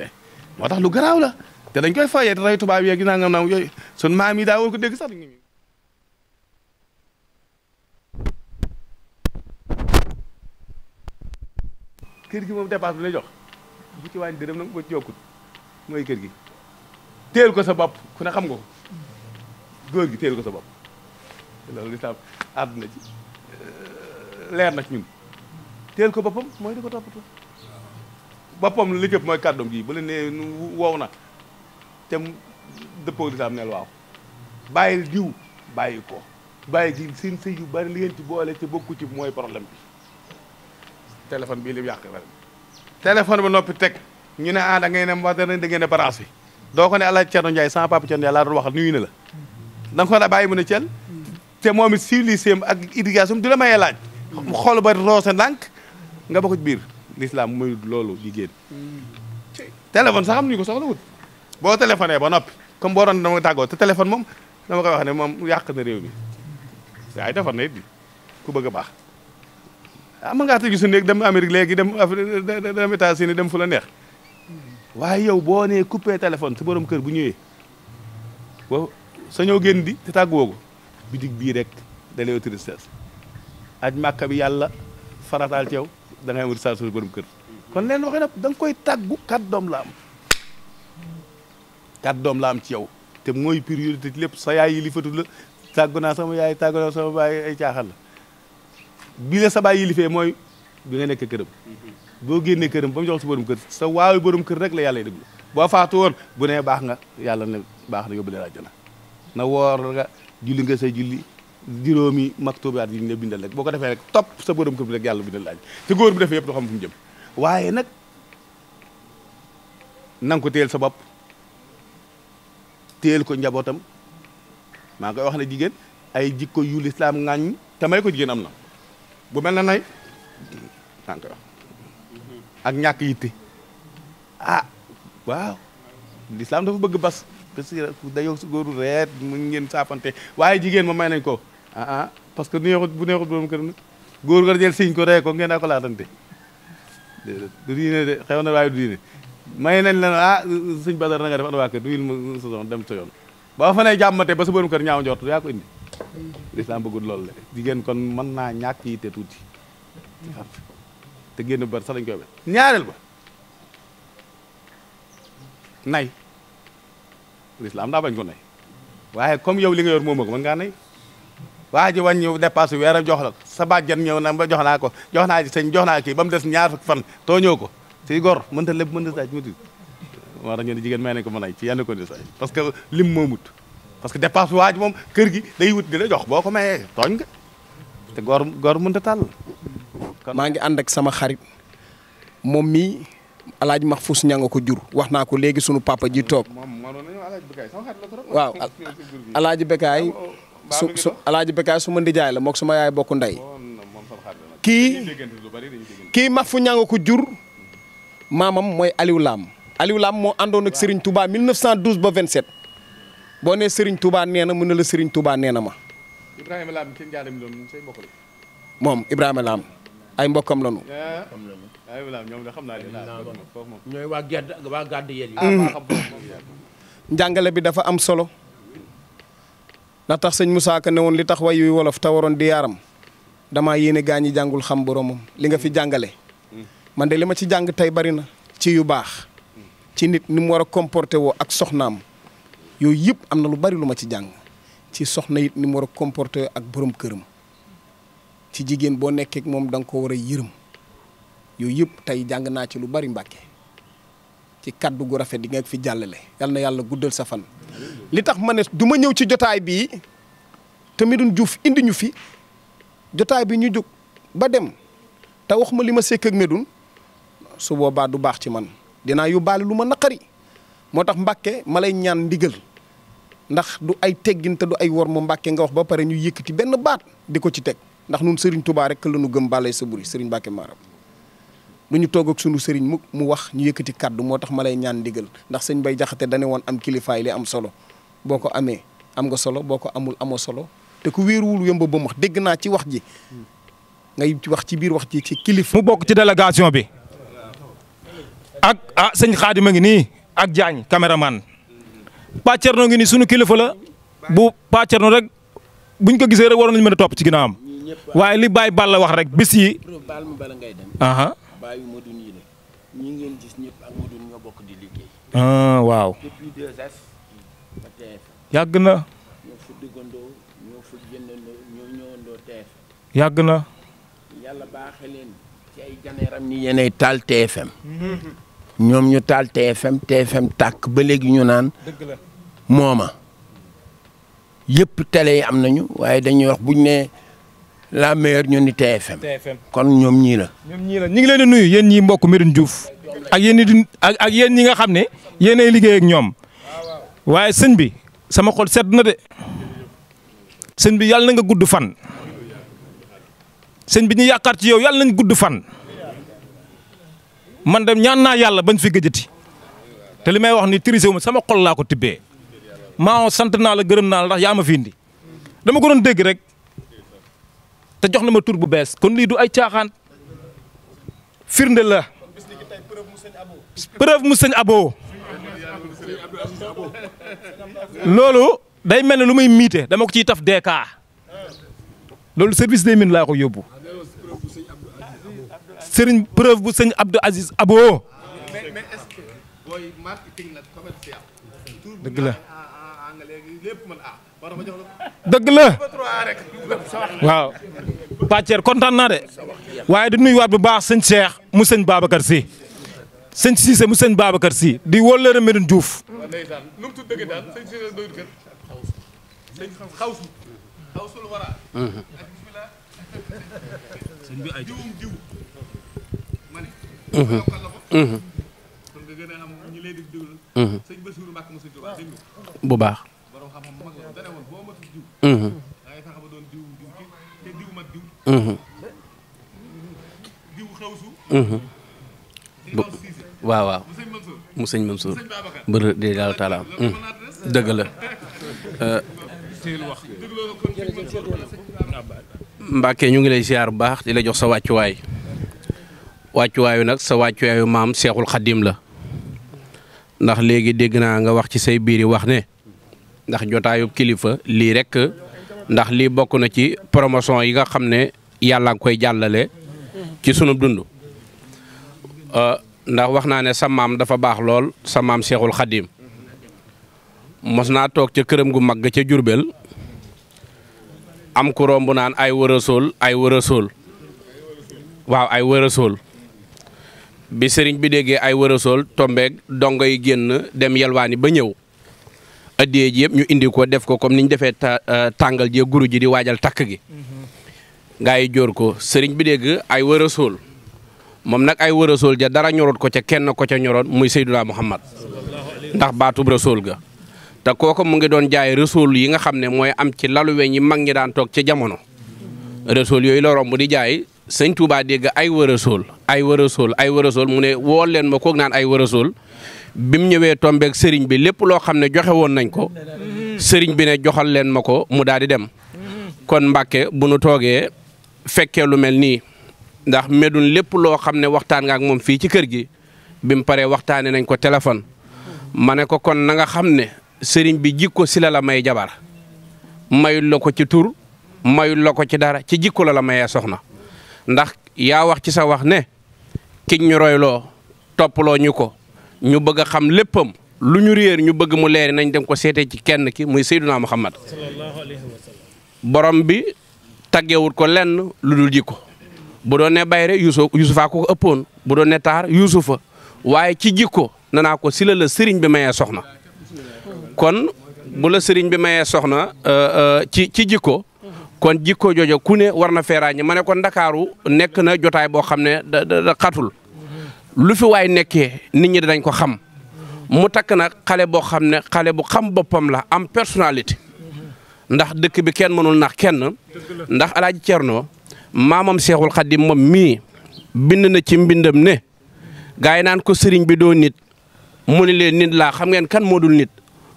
moo tax lu garaaw la te dañ koy fayee te rey tubaab yeeg naa ngam naam yooyu sun maam yi daa woon ko dégg sax kër gi moom dépasse bi lay jox bu ci wàññi dërëm nag bu ci mooy kër gi teel ko sa bopp ku ne xam ko góor gi teel ko sa bopp loolu lislaam àdduna leer na ci teel ko boppam mooy di ko toppatoo boppam li lépp mooy kàddoom ji bu la nee wow na te dëppoo lislaam neel waaw bàyyil diw bàyyi ko gi seen sëy yu bari li ngeen ci boole te bokku ci mooy problème bi téléphone bii li mu yàq la téléphone ba noppi teg ñu ne ah da ngay ne wax da ngeen ne branche bi doo ko ne El Hadj Thierno Ndiaye sama papa Thierno Ndiaye laa doon waxal nuyu na la da nga ko da bàyyi mu ne Thiel te moom it civilisé ak irrigation du la mayee laaj. xool ba roose ndànk nga bokk ci biir l'islam muy loolu jigéen mm. téléphone saxam am ko soxla wut boo téléphoné ba noppi comme boo doon dama tàggoo te téléphone moom dama koy wax ne moom yàq na réew mi waaye defar na it bi ku bëgg a baax am ah, mën ngaa tëju sa néeg dem Amérique léegi dem Afrique dem États-Unis dem fu la neex waaye yow boo nee coupé téléphone sa borom kër bu ñëwee boo sa ñëw génn di te tàgguwoo ko bitig bii rek da lay tristesse aj bi yàlla farataal ci yow da saa am relation borom kër kon leen waxee danga koy tàggu kat doom la am kat doom la am ci yow te mooy priorité lépp sa yaay yi li fatul la tàggu naa sama yaay tàggu naa sama baay ay caaxaan la bi la sa baay yi lifee mooy bi nga nekk këram boo génnee këram boo mu jox sa borom kër sa waayu borom kër rek la yàlla déglu boo faatu woon bu nee baax nga yàlla ne baax na yóbbu la àjjana na woor nga julli nga say julli juróomi maktubaat yi ñu la bindal rek boo ko defee rek topp sa borom ko bi rek yàlla bindal laaj te góor bi defee yëpp doo xam fu nag nanga ko teel sa bopp teel ko njabootam maa ngi koy wax ne jigéen ay jikko yu lislaam ŋaañ te may ko jigéen am na bu mel na nay maa koy wax ak ñàkk yitte ah waaw lislaam dafa bëgg bas parce que dayoo su góoru reet mu ngeen saafante waaye jigéen ma may nañ ko ah ah parce que neexut bu neexut borom këram nag góor nga jël siñ ko rey ko ngeen akolaatante du diine de xew na waaye du diine may nañ la ah sëñ Badara na nga def ana waa kër du il ma sa dem sa yoon ba fa jàmmate ba sa borom kër ñaaw njort yaa ko loolu la jigéen kon mën naa ñàkk yi te tuuti te génn bar sax lañ koy be ñaareel ba nay lislaam daa bañ ko nay waaye comme yow li nga yor moom ko mën ngaa nay waa ji wàññi dépasse weer ak jox la sa bàjjan ñëw na ba jox naa ko jox naa ci sëñ jox naa kii ba mu des ñaar fukki fan too ñëw ko si gor mënta lépp mënta saa ci mati moo tax ñu ne jigéen may nañ ko mën ay ci yenn condition parce que lim moomut parce que dépasse waa ji moom kër gi day wut di la jox boo ko mayee tooñ nga te gor gor mënta tàll maa ngi ànd ak sama xarit moom mii alaaj Mahfous ña nga ko jur wax naa ko léegi sunu papa ji toog waaw alaaj Bekaay su su alaaji Bekaay su ma ndijaay la mook suma yaay bokk ndey kii kii Mahfou Niang ko jur maamam mooy Aliou Lam Aliou Lam moo àndoon ak Serigne Touba 1912 ba 27 boo nee Serigne Touba nee na mu ne la Serigne Touba nee na ma. Ibrahima Lam ci njaaram loolu say mbokk la. moom Ibrahima Lam ay mbokkam lañu. Ibrahima ñoom de xam naa leen. ñooy waa gàdd waa gàdd ah, njàngale bi dafa am solo. ndax tax sañ Moussa Ka ne woon li tax way yuy wolof te waroon di yaaram damaa yéene gaa ñi jàngul xam boromam li nga fi jàngale man de li ma ci jàng tey bari na ci yu baax ci nit ni mu war a comporté woo ak soxnaam yooyu yëpp am na lu bari lu ma ci jàng ci soxna it ni mu war a comporté ak borom këram ci jigéen boo nekkee moom da nga ko war a yërëm yooyu yëpp tey jàng naa ci lu bari Mbàkke ci kaddu gu rafet yi nga fi jàllale yal na yàlla guddal sa fan. li tax ma ne du ma ñëw ci jotaay bii te Medoune juuf indi ñu fi jotaay bi ñu jóg ba dem te wax ma li ma sekk ak Medoune su boobaa du baax ci man dinaa baale lu ma naqari moo tax Mbàkke ma lay ñaan ndigal ndax du ay teggin te du ay wor mu Mbàkke nga wax ba pare ñu yëkkati benn baat di ko ci teg ndax nun Serigne Touba rek la nu gëm balay sa buri sëriñ Mbàkke Maram lu ñu toog ak sunu sëriñ mu mu wax ñu yëkkati kàddu moo tax ma lay ñaan ndigal ndax sëñ bay jaxate dane woon am kilifaay li am solo boo ko amee am nga solo boo ko amul amoo solo te ku wéeruwul yomb ba mu wax dégg naa ci wax ji ngay wax ci biir wax ji ci kilifa. mu bokk ci délégation bi ak ah sëñ Xaadim a ngi nii ak Diagne caméraman Pa noo ngi nii sunu kilifa la bu Pa Cerno rek buñ ko gisee rek waroon nañu mën a topp ci ginaa am waaye li Baye Balla wax rek bis yi. taxawaayu Modou ñii ne ñi ngeen gis bokk di liggéey. ah waaw. yàgg na. ñoo fa yàgg na. yàlla baaxe leen ci ay janeeram ni yéenay taal TFM. Mm-hmm. ñoom ñu taal TFM TFM tàkk ba léegi ñu naan. dëgg la mooma. yëpp télé yi am nañu waaye dañuy wax buñ ne la meilleure ñu ni TFM. TFM kon ñoom ñii la. ñii la ñu ngi leen di nuyu yéen ñii mbokk Médoune Diouf ak yéen di ak ak yéen ñi nga xam ne yéenay liggéey ak ñoom waaye sëñ bi sama xol sedd na de sëñ bi yàlla na nga gudd fan sëñ bi ñu yaakaar ci yow yàlla nañ gudd fan man dem ñaan naa yàlla bañ fi gëjëti te li may wax ni trisé wu ma sama xol laa ko tibbee maa sant naa la gërëm naa la ndax yaa ma fi indi dama ko doon rek. te jox na ma tur bu bees kon lii du ay caaxaan firnde la preuve mu sëñ Abo loolu day mel ne lu may miite dama ko ciy taf DK loolu service des mines laa ko yóbbu sëriñ preuve bu sëñ Abdou Aziz Abo dëgg la waaw pàcceer kontaan naa de waaye di nuyuwaat bu baax sëñ Cheikh mu sëñ Babacar Sy sëñ Cissé mu sëñ Babacar Sy di wóllare Medoune bu baax Mhm. Mhm. waaw waaw mu sëñ Mansour bër mhm. la euh, Mbàkke ñu ngi lay ziar bu baax di la jox sa wàccuwaay wàccuwaayu nag sa wàccuwaayu maam Seexul Xaddim la ndax léegi dégg naa nga wax ci say biir yi wax ne ndax jotaayu kilifa lii rek ndax lii bokk na ci promotion yi nga xam ne yàlla nga koy jàllale ci sunu dund. Euh, ndax wax naa ne sa maam dafa baax lool sa maam Seexul Xadiim mos naa toog ca këram gu mag ca Jurbel am ku romb naan ay wërësool ay wërësool waaw ay wërësool bi sëriñ bi déggee ay wërësool tombeeg dongo yi génn dem yelwaani ba ñëw addiyee ji yëpp ñu indi ko def ko comme ni ñu defee euh, tàngal ji guru di waajal takk gi. Mm-hmm. gaa yi jóor ko sëriñ bi dégg ay wa a sool moom nag ay wër a sool ja dara ñoroot ko ca kenn ko ca ñoroon muy Seydina Muhammad ndax baatub rasool ga te kooku mu ngi doon jaay rasool yi nga xam ne mooy am ci lalu weñ yi mag ñi daan toog ca jamono. rasool yooyu la romb di jaay sëñ Touba dégg ay wër a sool ay wër a sool a sool mu ne woo leen ma koog naan ay wër a bi mu ñëwee tombeek sëriñ bi lépp loo xam ne joxe woon nañ ko sëriñ bi ne joxal leen ma ko mu daal di dem kon Mbàkke bu nu toogee fekkee lu mel nii ndax medun lépp loo xam ne waxtaan nga ak moom fii ci kër gi bi mu paree waxtaanee nañ ko téléphone ma ne ko kon na nga xam ne sëriñ bi jikko si la la may jabar mayul la ko ci tur mayul la ko ci dara ci jikko la la mayee soxna ndax yaa wax ci sa wax ne kiñ ñu royloo toppaloo ñu ko ñu bëgg a xam léppam lu ñu réer ñu bëgg mu leeri nañ dem ko seete ci kenn ki muy Seydunaa Muhammad borom bi taggewut ko lenn lu dul jikko bu doon ne bayre Yuusuf ko ko ëppoon bu doon ne taar Yuusufa waaye ci jikko nanaa ko si la la sëriñ bi mayee soxna kon bu la sëriñ bi mayee soxna euh, euh, ci ci jikko kon jikko joojo ku ne war na feerañi ma ne ko Ndakaaru nekk na jotaay boo xam ne xatul lu fi waay nekkee nit ñi danañ ko xam mu takk nag xale boo xam ne xale bu xam boppam la am personnalité ndax dëkk bi kenn mënul nax kenn ndax alaaji noo maamam Seexul Xadim moom mii bind na ci mbindam ne gaa yi naan ko sëriñ bi doo nit mu ni leen nit laa xam ngeen kan moodul nit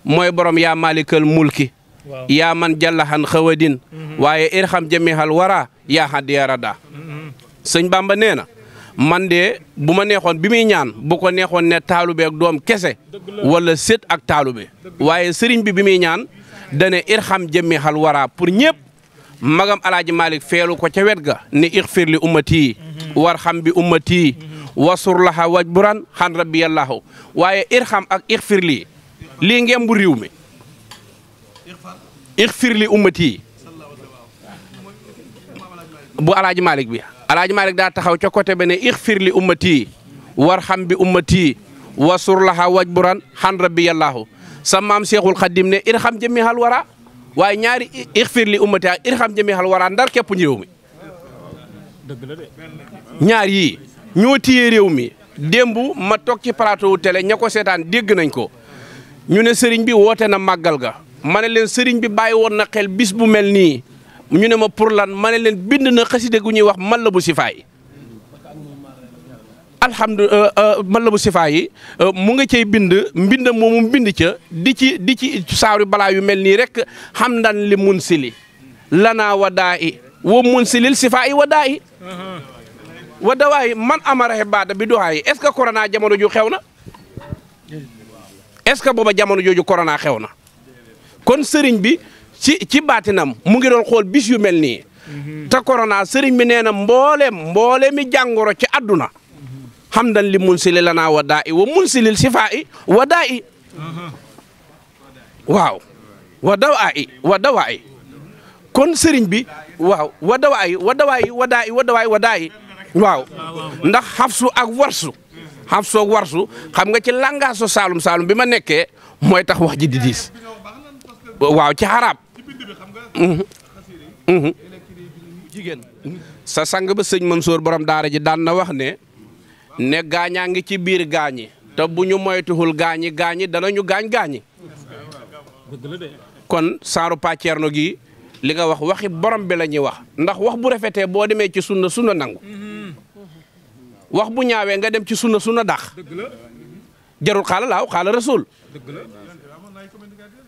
mooy borom yaa maalikal mulki yaa man jallaxan xawadin mm-hmm. waaye xam jamihal wara yaa xaddi yarada mm-hmm. sëñ Bamba nee na man de bu ma neexoon bi muy ñaan bu ko neexoon ne taalube doom kese walla sët ak taalube waaye sëriñ bi bi muy ñaan dane irxam jëmmi xal wara pour ñëpp magam alaaji malik feelu ko ca wet ga ne ixfir ummati war xam bi ummati wasur laha waj buran xan rabbi yàllaahu waaye irxam ak ixfir lii lii ngeen bu réew mi ixfir ummati bu alaaji malik bi alaaji Maalik daa taxaw ca côté ba ne ixfir li ummati warxam bi ummati wasur laha wajburan xan rabbi yallaahu sa maam Seexul Xadim ne irxam jëmi xal wara waaye ñaari ixfir li ummati ak irxam jëmi xal ndar képp réew mi ñaar yii réew mi démb ma toog ci plateau télé ña ko seetaan dégg nañ ko ñu ne sëriñ bi woote na màggal ga ma ne leen sëriñ bi bàyyi woon na xel bis bu mel nii ñu ne ma pour lan ma ne leen bind na xaside gu ñuy wax malla bu sifaay alhamdulilah euh, euh, malla bu sifaay yi euh, mu nga cay bind mbind moomu mbind ca di ci di ci saaru balaa yu mel nii rek xam ndan li mun sili lanaa wa daa i wa mun silil sifaay wa daa i wa dawaayi man amaraxe baada bi doxaayi est-ce que corona jamono ju xew na est-ce que booba jamono jooju koronaa xew na kon sëriñ bi ci ci baatinam mu ngi doon xool bis yu mel nii. Mhm. te corona sëriñ bi nee na mbooleem mbooleem mi jàngoro ci àdduna. xam dañ li mun sili lanaa wa daa i sifaa i wa daa waaw wa dawaa i wa dawaa i kon sëriñ bi waaw wa dawaa yi wa ndax xafsu ak warsu xafsu ak warsu xam nga ci langaasu saalum saalum bi ma nekkee mooy tax wax ji di waaw ci xaraab sa sang ba sëñ mënsoor borom daara ji daan na wax ne ne gaañaa ngi ci biir gaañi te bu ñu moytuwul gaañi gaañi danañu gaañ gaañi kon saaru pàcceerno gi li nga wax waxi borom bi la ñuy wax ndax wax bu rafetee boo demee ci sunna sunna nangu wax bu ñaawee nga dem ci sunna sunna dàq jarul xaala laaw xaala rasul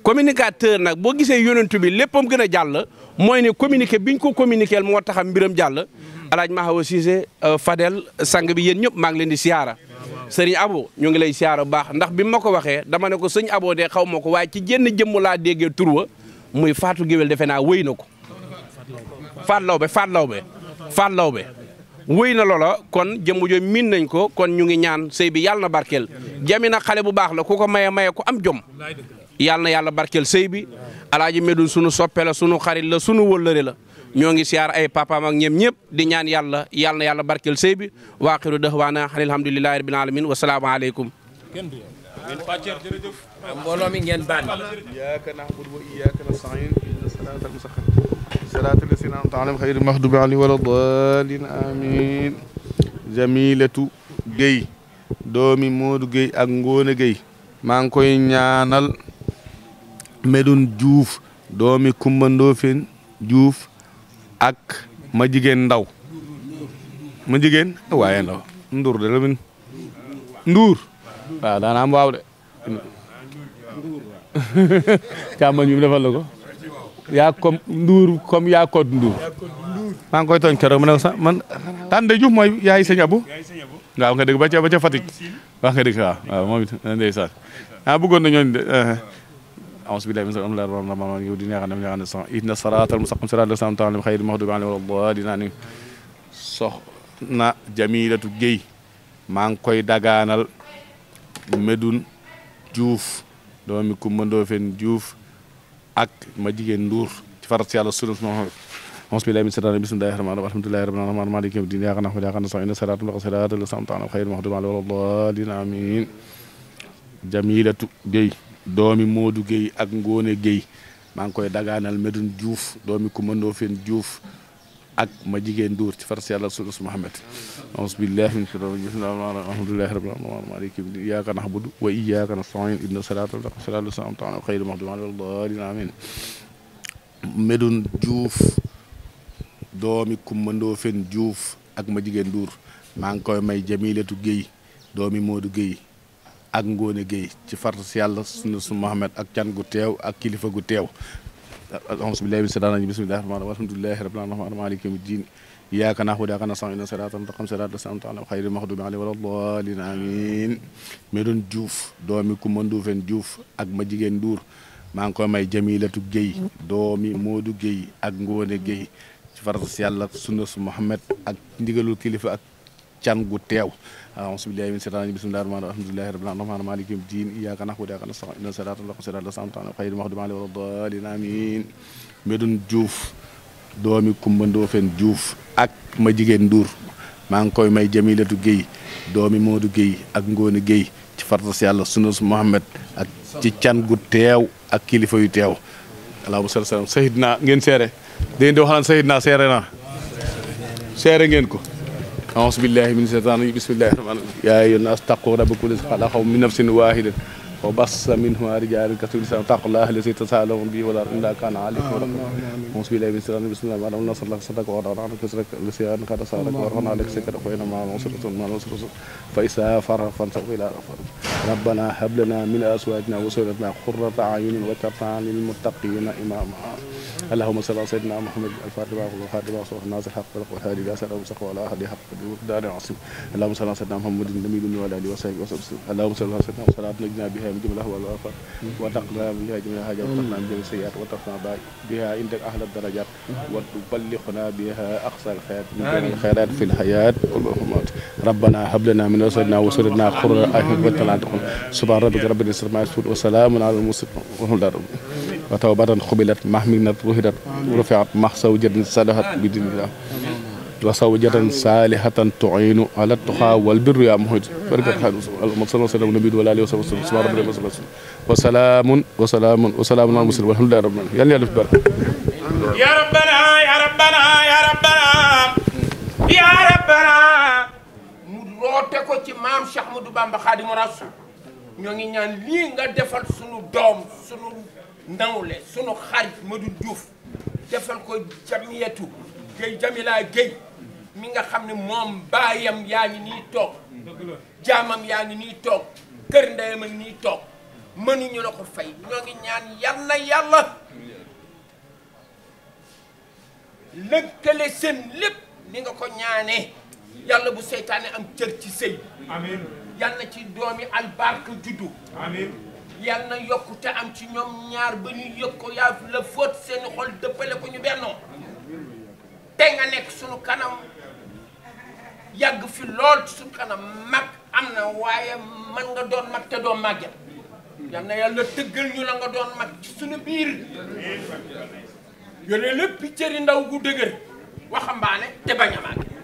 communicateur nag boo gisee yonentu bi léppam gën a jàll mooy ne communiqué biñ ko communiqué moo taxam mbiram jàll alaaj Mahawa Cissé euh, Fadel sang bi yéen ñëpp maa ngi leen di siyaara sëriñ abo ñu ngi lay siyaara bu baax ndax bi ma ko waxee dama ne ko sëñ aboo de xaw ma ko waaye ci jenn jëmm laa déggee tur wa muy Fatou Guewel defe naa wéy na ko Faat Lawbe Faat Lawbe Faat Lawbe wéy na loola kon jëmm jooju miin nañ ko kon ñu ngi ñaan sëy bi yàlla na barkeel jami na xale bu baax la ku ko maye maye ku am jom yàlla na yàlla barkeel sëy bi alaaji Medoune sunu soppe la sunu xarit la sunu wëllëre la ñoo ngi siyaar ay papaam ak ñëm ñëpp di ñaan yàlla yàlla na yàlla barkeel sëy bi waaxiru dahwaana alhamdulillahi rabbil alamin wa salaamu aleykum mbooloo mi ngeen baan iyyaka na'budu wa iyyaka nasta'in ihdinas siraatal mustaqiim siraatal laziina an'amta alayhim ghayril maghduubi alayhim wa lad-daalliin amiin Jamilatu Guèye doomi Modou Guèye ak Ngone Guèye maa ngi Medoune Diouf doomi Kumba Ndofène Diouf ak ma jigéen ndaw ma jigéen waaye ndaw nduur de la min nduur waaw daana am de càmmoñ bi mu defal la yaa comme nduur comme yaa koot nduur maa ngi koy tooñ keroog mu ne mooy yaay sëñ Abu waaw nga dégg ba ca ba ca nga dégg waaw waaw moom it ndeysaan ah bëggoon de eh, أعوذ بالله من الشيطان الرجيم اللهم يهدنا غنم عن الصراط إن الصراط المستقيم صراط الذين أنعمت عليهم غير المغضوب عليهم ولا الضالين soxna Jamilatu Guèye maa ngi koy dagaanal Medoune Diouf doomi Kumba Ndoofeen Diouf ak ma jigéen Ndour ci farat si yàlla sunu ma أعوذ بالله من الشيطان الرجيم بسم الله الرحمن الرحيم الحمد لله رب العالمين مالك يوم الدين إياك نعبد وإياك نستعين صراط المستقيم صراط الذين أنعمت عليهم غير المغضوب عليهم ولا الضالين آمين Jamilatu Guèye doomi moodu Guèye ak Ngone Guèye maa ngi koy dagaanal Medoune Diouf doomi Kumandoo Fen Diouf ak ma jigéen Ndour ci farsi yàlla sulus Muhammad auzu billahi min shururi bismillahir rahmanir rahim maliki iyyaka na'budu wa iyyaka Fen Diouf ak ma jigéen duur maa ngi koy may Jamilatu Guèye doomi Modou Guèye ak Ngoone Gueye ci fartas yàlla sunu su Muhammad ak can gu teew ak kilifa gu teew alhamdulillahi min seetaan nañu bismillahi rahmaani rahiim alhamdulillahi rabbil aalamiin maaliki yawmi amiin mais doon Diouf doomi Kumba Ndoofeen Diouf ak ma jigéen Ndour maa ngi koy may Jamilatu Gueye doomi Modou Gueye ak Ngoone Gueye ci fartas yàlla sunu su Muhammad ak ndigalul kilifa ak can gu teew أعوذ بالله من الشيطان بسم الله الرحمن الرحيم الحمد لله رب العالمين مالك يوم الدين إياك نعبد وإياك نستعين إن صراط الله صراط الذين أنعمت عليهم غير المغضوب عليهم ولا الضالين آمين Medoune Diouf doomi Kumba Ndoofeen Diouf ak ma jigéen Ndour maa ngi koy may Jamilatu Guèye doomi Modou Guèye ak Ngóone Guèye ci fartas yàlla sunus Mohamed ak ci can gu teew ak kilifa yu teew allahumma salli salaam sayid naa ngeen seere dañ di wax naan sayid naa seere naa seere ngeen ko aouzu billahi min shaytaan rajim bismillahi rahmaani rahim yaa ayyuhan naas taqu rabbakum lazi xalaqakum min nafsin waahidatin wa bassa minhumaa rijaalan kasiiran wattaqullaaha lazii tasaaluuna bihi wal arham inna llaaha kaana aleykum raqiiba aouzu billahi min shaytaan rajim bismillahi rahmaani rahim sadaq sadaq wa wadaana anka sadaq lazii anqada sadaq wa rafa'naa laka zikrak wa inna ma'a al-usri yusran ma'a al-usri yusran fa izaa faragta fansab ilaa rabbanaa hab lanaa min azwaajináa wa zurriyyaatinaa qurrata a'yunin waj'alnaa lil muttaqiina imaamaa اللهم صل على سيدنا محمد الفاتح بما أغلق والخاتم بما سبق الناصر الحق والقرآن الهادي إلى صراط المستقيم وعلى آله حق قدره العظيم اللهم صل على سيدنا محمد النبي وعلى آله وصحبه وسلم اللهم صل على سيدنا صلاة نجنا بها من جميع الأهوال والآفات وتقنا بها جميع الحاجات وتقنا من جميع السيئات وترفعنا بها عندك أهل الدرجات وتبلغنا بها أقصى الخيرات من جميع الخيرات في الحياة والممات ربنا هب لنا من رسلنا وسرنا قرة أعين وتلعنتكم سبحان ربك رب العزة عما يصفون وسلام على المرسلين والحمد لله wa tawbatan xubilat mahminat ruhidat rufiat maxsaw jatan salahat bi dinillah wa saw jatan salihatan tuinu ala tuqa wal birru ya muhid barkat xaal sallallahu sallam nabi wala alihi wa sallam subhana rabbika wa sallam wa salamun wa salamun wa salamun al muslim walhamdulillahi rabbil alamin yàlla yàlla def barke ya rabbana ya rabbana ya rabbana ya rabbana mu roote ko ci maam Cheikh Ahmadou Bamba Khadimu Rasul ñoo ngi ñaan lii nga defal sunu doom sunu nawle sunu xarit Modou Diouf defal ko jamiyatu Guèye Jamila Guèye mi nga xam ne moom baayam yaa ngi nii toog jaamam yaa ngi nii toog kër ndeyam a ngi nii toog mënuñu la ko fay ñoo ngi ñaan yàlla yàlla lëkkale seen lépp ni nga ko ñaanee yàlla bu seytaane am cër ci sëy yàlla ci doomi albarka juddu yàlla na yokkute am ci ñoom ñaar ba ñu yëg ko yaa la fóot seeni xol dëppale ko ñu bennoo te nga nekk sunu kanam yàgg fi lool ci sunu kanam mag am na waaye man nga doon mag te doon màgget yal na yàlla tëggal ñu la nga doon mag ci sunu biir yore lépp cëri ndaw gu dëgër waxambaane te bañ a màgget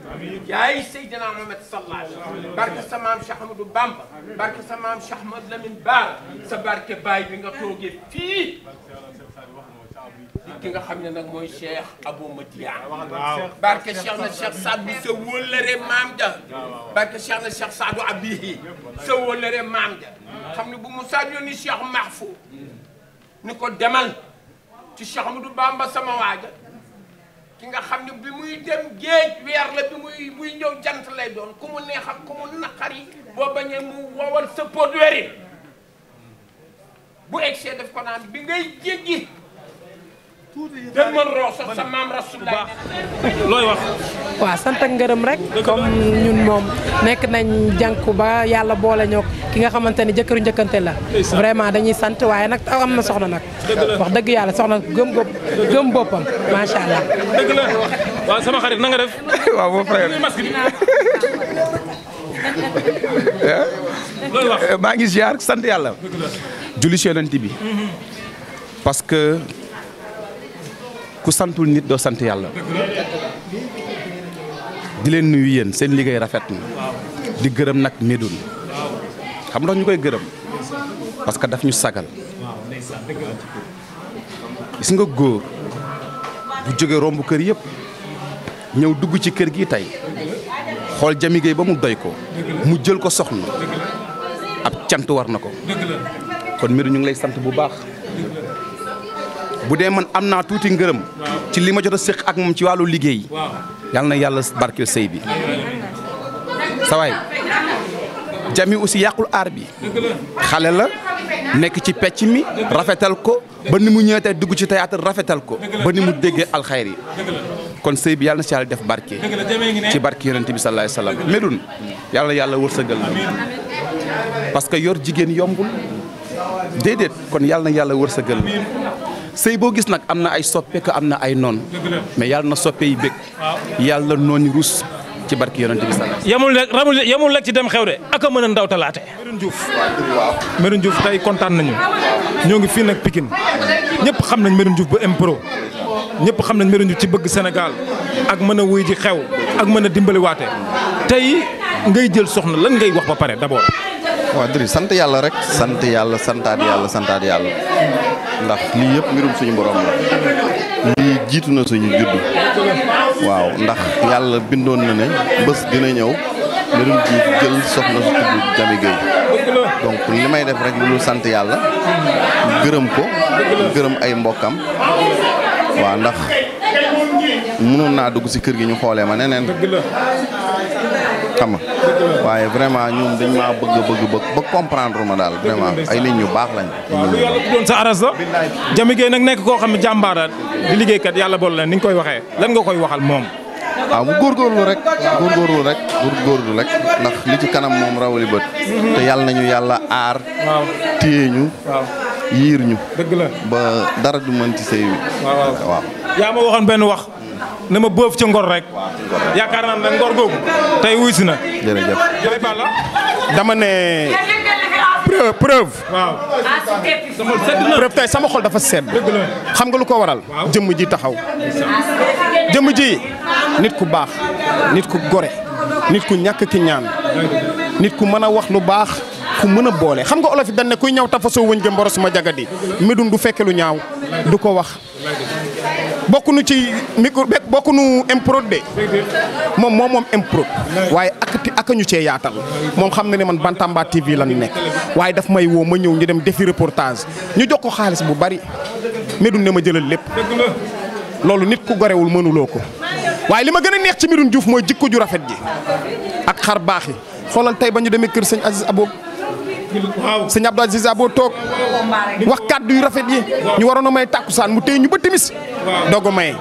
yaay Seydina Muhammad sallallahu alayhi wa sallam barke sa maam Cheikh Ahmadou Bamba barke sa maam Cheikh Ahmad Lamine Bara sa barke baay bi nga toogee fii ki nga xam ne nag mooy Cheikh Abou Madiane barke Cheikh na Cheikh Saad bu sa wóllëre maam ja barke Cheikh na Cheikh Saadu Abihi sa wóllëre maam ja xam ne bu Moussa yónni Cheikh Mahfou ni ko demal ci Cheikh Ahmadou Bamba sama waaja ki nga xam ne bi muy dem géej weer la bi muy buy ñëw jant lay doon ku mu neex ak ku mu naqari boo bañee mu wowal sa pot weer yi bu egsee def ko naan bi ngay jéggi dégg man roos sax sa maam rek. comme ñun moom nekk nañ jànku ba yàlla boole ñoo ki nga xamante ni jëkkëru njëkkante la. vraiment dañuy sant waaye nag am na soxna nag. wax dëgg yàlla soxna gëm boppam macha allah. na nga def. waaw boo frère looy wax eh, maa ngi ziar sant yàlla. julli si bi. Mm-hmm. parce que. ku santuwul nit doo sant yàlla di leen nuyu yéen seen liggéey rafet na di gërëm nag Médoune xam nga ñu koy gërëm parce que daf ñu sagal gis nga góor bu jóge romb kër yëpp ñëw dugg ci kër gi tey xool Diamy Gueye ba mu doy ko mu jël ko soxna ab cant war na ko kon Médoune ñu ngi lay sant bu baax bu dee man am naa tuuti ngërëm ci li ma jot a séq ak moom ci wàllu liggéey yàlla na yàlla barkeel sëy bi sawaay jami aussi yàqul aar bi xale la nekk ci pecc mi rafetal ko ba ni mu ñëwee dugg ci théâtre rafetal ko ba ni mu déggee alxayr kon sëy bi yàlla na si yàlla def barke ci barke yonent bi sallallahu alayhi medun yàlla yàlla wërsëgal la que yor jigéen yombul déedéet kon yàlla na yàlla wërsëgal la sëy boo gis nag am na ay soppe que am na ay noon mais yàlla na soppe yi bég yàlla nooni ruus ci barke yoona bi sallallahu yamul nag ramul yamul nag ci dem xew de ak mën a ndaw talaate Medoune Diouf Medoune Diouf tey kontaan nañu ñoo ngi fii nag Pikine ñëpp xam nañ Medoune Diouf ba impro ñëpp xam nañ Medoune Diouf ci bëgg senegal ak mën a wuy ji xew ak mën a dimbaliwaate tey ngay jël soxna lan ngay wax ba pare d'abord waaw diri sant yàlla rek sant yàlla santaat yàlla santaat yàlla ndax lii yëpp mbirum suñu borom la lii jiitu na suñu juddu waaw ndax yàlla bindoon na ne bés dina ñëw mbirum ji jël soxna su tudd Jamy donc li may def rek lu sant yàlla gërëm ko gërëm ay mbokkam waaw ndax mënoon naa dugg ci kër gi ñu xoolee ma neneen xam nga waaye vraiment ñoom dañ maa bëgg bëgg bëgg ba comprendre ma daal vraiment ay nit ñu baax lañ yàlla bu doon sa aras la Diamy Gueye nag nekk koo xam ne jàmbaara di liggéeykat yàlla bool leen ni nga koy waxee lan nga koy waxal moom waaw ah, mu góorgóorlu rek góorgóorlu rek góorgóorlu rek ndax li ci kanam moom rawali bët mhm. te yàlla nañu yàlla aar téye ñu yiir ñu dëgg la ba dara du mën ci sëy wi waaw yaa ma waxoon benn wax na ma bëf ci ngor rek. yaakaar naa ne ngor googu tey wuy si na. jërëjëf jërëjëf Balla dama ne. preuve preuve. tey sama xol dafa sedd. xam nga lu ko waral. jëmm ji taxaw. jëmm ji nit ku baax nit ku gore nit ku ñàkk ki ñaan nit ku mën a wax lu baax ku mën a boole xam nga olof yi dañ ne kuy ñaw tafasoo wëñ ga mboros ma jagadi medun du fekke lu ñaaw du ko wax bokkuñu ci micro bokkunu improd de moom moom moom improd waaye ak ak ñu cee yaatal moom xam na ne man Bantamba TV lan nekk waaye daf may woo ma ñëw ñu dem defi reportage ñu jox ko xaalis bu bari Médoune ne ma jëlal lépp loolu nit ku gorewul mënuloo ko waaye li ma gën a neex ci Médoune juuf mooy jikko ju rafet ji ak xar baax yi xoolal tey ba ñu demee kër sëñ Aziz Abo sëñ Abdou Aziz boo toog wax kàddu yu rafet yi ñu waroon a may tàkkusaan mu téye ñu ba timis doog a maye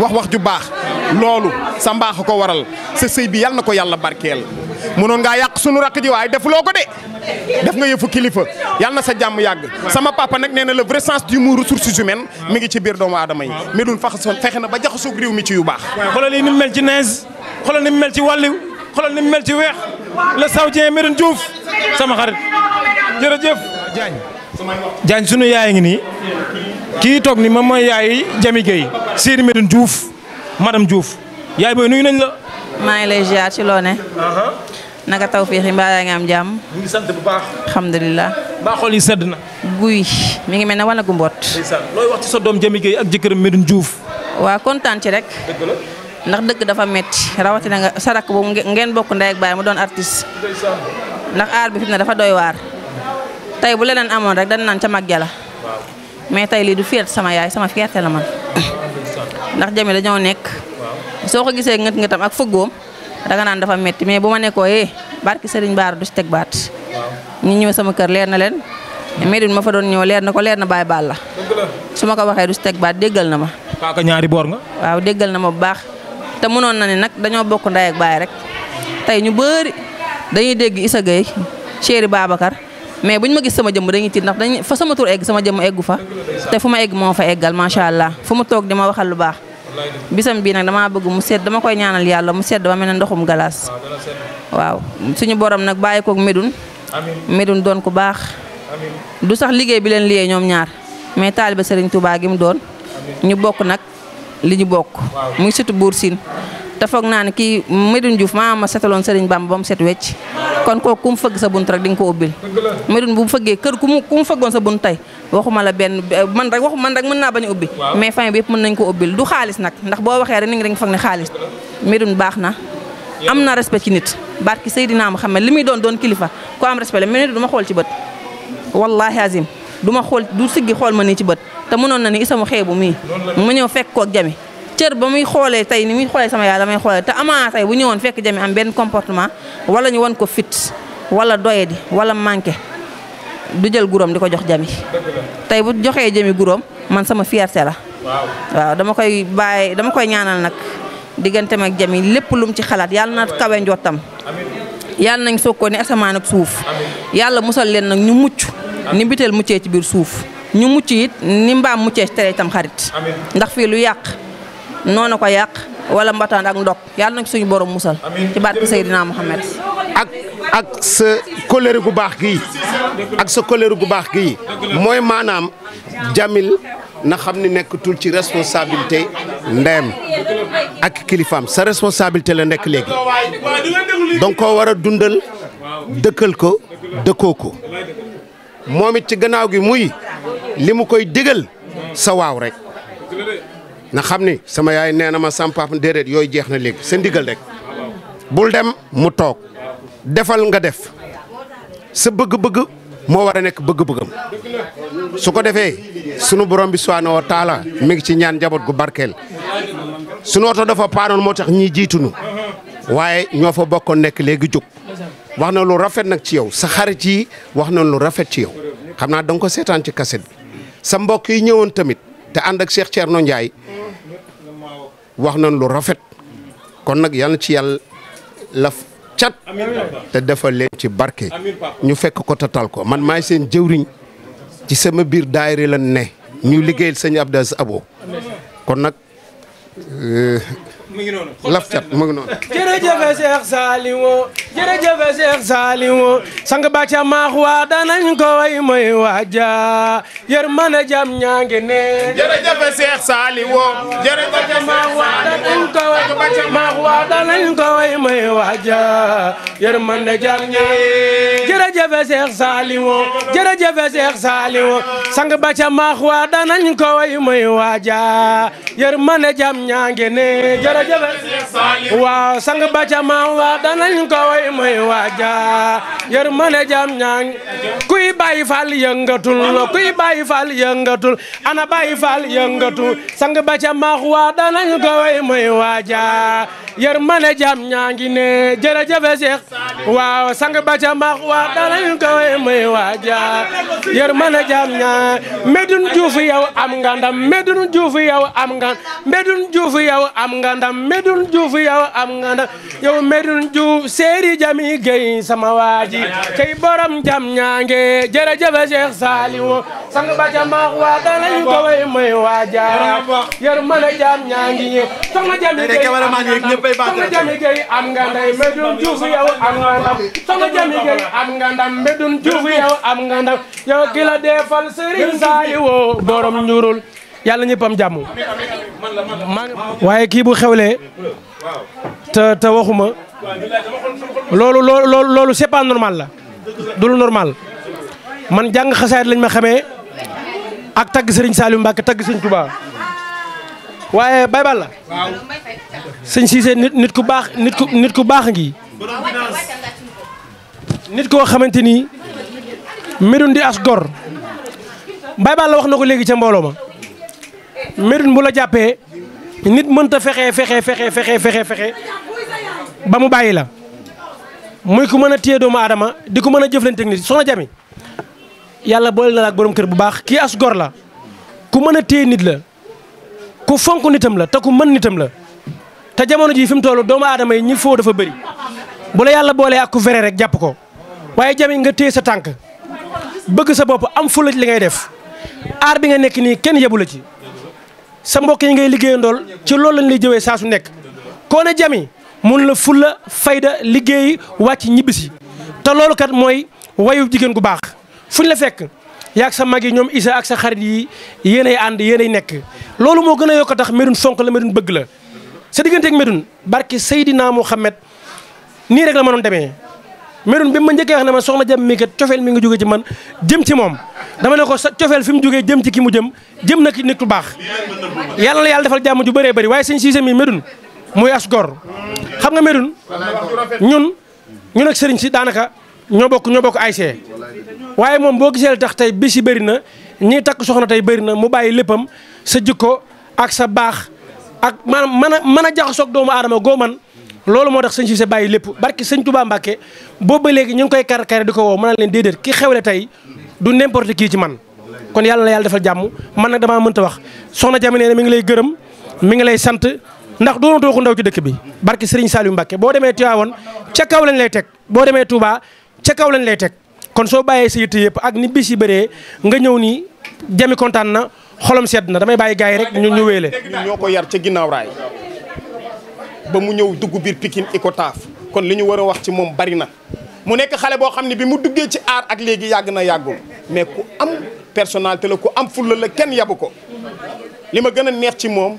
wax wax ju baax loolu sa mbaax a ko waral sa sëy bi yàlla na ko yàlla barkeel mënoon ngaa yàq sunu rakk ji waaye defuloo ko de def nga yëfu kilifa yàlla na sa jàmm yàgg sama papa nag nee na le vrai sens du mot ressources humaines mi ngi ci biir doomu aadama yi mais duñ fax fexe na ba jaxasoog réew mi ci yu baax xoolal ni mel ci nees xoolal ni mel ci wàllu xoolal ni mel ci weex le saoudien Medoune Diouf sama xarit jërëjëf Diagne Diagne sunu yaay ngi nii kii toog ni moom mooy yaay Jami Gueye Sidi Medoune Diouf madame Diouf yaay booy nuyu nañ la maa ngi lay ziar ci loo ne taw fii xi mbaa yaa ngi am jàmm ñu xol yi sedd na guy mi ngi mel ne wala gu mboot looy wax ci sa doom Jami ak jëkkëram Medoune Diouf waa kontaan ci rek ndax dëkk dafa metti rawatina nga sa rakk boobu ngeen bokk ndey baay mu doon artiste ndax aar bi fi dafa doy waar tey bu leneen amoon rek dañ naan ca mag ja mais tey lii du fierté sama yaay sama fierté la man ndax jami dañoo nekk soo ko gisee ngët ngëtam ak fëggoom danga naan dafa metti mais bu ma nekkoo eh barki Serigne Baara du ci teg baat ñu ñëw sama kër leer na leen Médoune ma fa doon ñëw leer na ko leer na baal la su ma ko waxee du ci teg baat déggal na ma. paaka ñaari boor nga. ma bu baax. te mënoon na ni nag dañoo bokk ndey ak baay rek tey ñu bëri dañuy dégg Issa Gueye Chéri Babacar mais buñ ma gis sama jëmm dañuy tiit ndax dañuy fa sama tur egg sama jëmm eggu fa te fu ma egg moo fa eggal macha allah fu mu toog di ma waxal lu baax bisam bii nag damaa bëgg mu sedd dama koy ñaanal yàlla mu sedd ba mel ne ndoxum galaas waaw suñu borom nag bàyyi kook Médoune Médoune doon ku baax du sax liggéey bi leen liyee ñoom ñaar mais taaliba Serigne Touba gi mu doon ñu bokk nag li ñu bokk. muy sëtu buur siin te foog naa ne kii Medoune Diouf ma setaloon Serigne Bamba ba mu set wecc kon kooku ku mu fëgg sa bunt rek di nga ko ubbil. Medoune bu mu fëggee kër ku mu ku mu fëggoon sa bunt tey waxuma la benn eh, man rek waxu man rek mën naa bañ a ubbi. mais fin bi yëpp mën nañ ko ubbil du xaalis nag ndax boo waxee rek ni ngi dañ ko foog ne xaalis Medoune baax na. am na respect ci nit barki Seydina Muhammad li muy doon doon kilifa ko am respect la mais nit du ma xool ci bët wallahi azim du ma xool du siggi xool ma ni ci bët te mënoon na ni isamu bu mii ma ñëw fekk kook jami cër ba muy xoolee tey ni muy xoolee sama yaay damay xoolee te amaa tey bu ñëwoon fekk jami am benn comportement wala ñu wan ko fit wala doyadi wala manqué du jël guróom di ko jox jami tey bu joxee jami guróom man sama fierté la dama koy bàyyi dama koy ñaanal nag diggante ak jami lépp lum ci xalaat yàlla na kawe njottam yàlla nañ soog ko ni asamaan ak suuf yàlla musal leen nag ñu mucc ni biteel muccee ci biir suuf ñu mucc it ni mbaam muccee ci tere itam xarit ndax fii lu yàq noonu ko yàq wala mbataan ak ndok yàlla na ci suñu borom musal ci baat bi Seydina Muhammad ak ak sa colère gu baax gi ak sa colère gu baax gii mooy maanaam Jamil na xam ni nekkatul ci responsabilité ndeyam ak kilifaam sa responsabilité la nekk léegi donc koo war a dundal dëkkal ko dëkkoo ko moom it ci gannaaw gi muy li mu koy digal sa waaw rek na xam ni sama yaay nee na ma sama papa déedéet yooyu jeex na léegi sa ndigal rek bul dem mu toog defal nga def sa bëgg-bëgg moo war a nekk bëgg-bëggam su ko defee sunu borom bi subhaanahu wa taala mi ngi ci ñaan njaboot gu barkeel sunu oto dafa paanoon moo tax ñii jiitunu waaye ñoo fa bokkoon nekk léegi jóg wax na lu rafet nag ci yow sa xarit yi wax na lu rafet ci yow xam naa danga ko seetaan ci kaset bi sa mbokk yi ñëwoon tamit te ànd ak Cheikh Thierno Ndiaye wax na lu rafet kon nag yal ci yàlla laf cat te defal leen ci barke ñu fekk ko tatal ko man maay seen jëwriñ ci sama biir daayira la ne ñu sañ sëñ Abdas Abo kon nag euh, mu ngi noonu laf cat mu ngi noonu jërëjëf Cheikh Saliou jërëjëf Cheikh Saliou sang ba ca maax waa danañ ko way mooy waaja yër mën jam ñaa ngi ne jërëjëf Cheikh Saliou jërëjëf maax maax waa danañ ko way waaja yër mën jam ñaa jërëjëfe Seex Saaliwu jërëjëfe Seex Saaliwu sang ba ca maax waa ko way muy waaja yër mane jam ñaange ne jërëjëfe waaw sang ba ca waa danañ ko way muy waaja yër mane jam ñaange kuy Baay Faal yëngatul kuy Baay Faal sang ba ca waa danañ ko way muy waaja yër mane jam ñaange ne jërëjëfe Seex waaw sang ba ca waa danañ yu kawe muy waaja yër mën a jaam ñaa Medoune Diouf yow am nga ndam Medoune Diouf yow am nga Medoune Diouf yow am nga ndam Medoune Diouf yow am nga ndam yow a jaam ñaangi sama jami gey sama jami gey am nga am mbedun Juuf am nga ndaw yow ki la defal Serigne Saliou borom ñuurul yàlla ñëppam jàmm waaye kii bu xewlee te te waxuma loolu loolu loolu la du lu man jàng xasaayit lañ ma xamee ak tagg Serigne Saliou Mbacke tagg Serigne Touba waaye bay bal la sëñ Cissé nit ku baax nit ku baax ngi nit koo xamante ni Médoune di as gor Baye Balla wax na ko léegi ca mbooloo ma Médoune bu la jàppee nit mënta fexe fexe fexe fexe fexe fexe ba mu bàyyi la muy ku mën a téye doomu aadama di ko mën a jëflanteeg nit soxna Jami yàlla boole na la ak borom kër bu baax kii as gor la ku mën a téye nit la ku fonk nitam la te ku mën nitam la te jamono jii fi mu toll doomu aadama yi ñi foo dafa bëri bu la yàlla boolee ak ku fere rek jàpp ko. waaye jamiñ nga téye sa tànk bëgg sa bopp am fulla li ngay def aar bi nga nekk nii kenn yebu la ci sa mbokk yi ngay liggéeyandool ci loolu lañ lay jëwee saa su nekk koo ne jami mun la fulla fayda liggéey wàcc ñibbisi te loolu kat mooy wayu jigéen gu baax fuñ la fekk yaag sa mag yi ñoom isa ak sa xarit yi yéenay ànd yéenay nekk loolu moo gën a yokk a tax Médoune fonk la Médoune bëgg la sa digganteeg Médoune barke Seydina Mouhamed nii rek la mënoon demee merun bi ma njëkkee wax ne ma soxna jam mi kat cofeel mi nga jóge ci man jëm ci moom dama ne ko cofeel fi mu jógee jëm ci ki mu jëm jëm na ki nit ku baax yàlla la yàlla defal jàmm ju baree bari waaye sëñ Cissé mi medun muy as gor xam nga medun ñun ñun ak sëriñ si daanaka ñoo bokk bokk ay see waaye moom boo gisee tax tey bi si bëri na ñiy takk soxna tey bëri na mu bàyyi léppam sa jikko ak sa baax ak maanaam mën a mën a jaxasoog doomu aadama goo man loolu moo tax sëñ Cissé bàyyi lépp barki sëñ Touba Mbacke boobu ba léegi ñu ngi koy kar kar di ko woo mën a leen déedéet ki xewle tey du n'importe kii ci man kon yàlla na yàlla defal jàmm man nag damaa mënta wax soxna Jami nee na mi ngi lay gërëm mi ngi lay sant ndax doo doonatoo ko ndaw ki dëkk bi barki Serigne Saliou Mbacke boo demee Tivaouane ca kaw lañ lay teg boo demee Touba ca kaw lañ lay teg kon soo bàyyee sa yitte yëpp ak ni bis yi bëree nga ñëw nii jami kontaan na xolam sedd na damay bàyyi gars yi rek ñu ñu wéele ñoo ko yar ca ginnaaw ba mu ñëw dugg biir ko Icotaf kon li ñu war a wax ci moom bari na mu nekk xale boo xam ne bi mu duggee ci aar ak léegi yàgg na yàggul mais ku am personnalité la ku am fulla la kenn yabu ko li ma gën a neex ci moom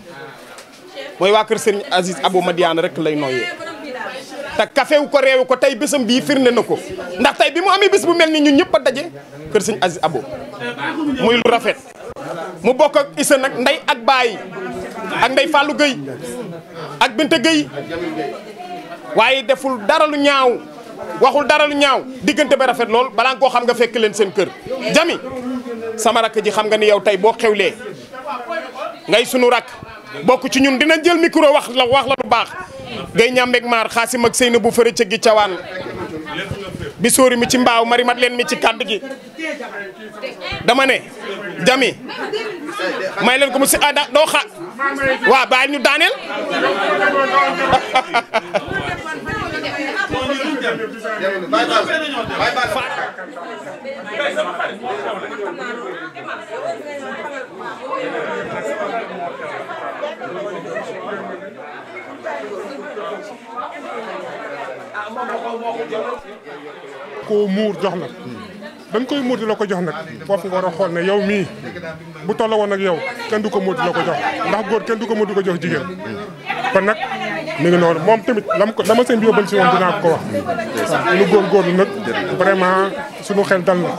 mooy waa kër Serigne Aziz abo Madiane rek lay nooyee te kafewu ko réewu ko tey bésam bii firnde na ko ndax tey bi mu amee bés bu mel ni ñun ñëpp a daje kër Serigne Aziz Abou muy lu rafet mu bokk ak Issa nag ndey ak baay ak ndey Fallou Gueye ak Binte Gueye waaye deful dara lu ñaaw waxul dara lu ñaaw diggante ba rafet lool balaa nga koo xam nga fekk leen seen kër. Jami sama rakk ji xam nga ni yow tey boo xewlee ngay sunu rakk bokk ci ñun dina jël micro wax la wax la lu baax. Gueye ñàmbeeg maar xaasim ak Seyna bu fëre ca gi cawaan bi sóori mi ci mbaaw mari mat leen mi ci kàddu gi dama jami may leen ko mu si ada ah, doo waa bàyyi ñu daaneel koo muur jox la dañ koy muur di la ko jox nag foofu nga war a xool ne yow mii bu tolloo woon ak yow kenn du ko muur di la ko jox ndax góor kenn du ko muur di ko jox jigéen kon nag mi ngi noonu moom tamit lam ko dama sëñ bi yóbbal si woon dinaa ko wax lu góorgóorlu nag vraiment suñu xel dal na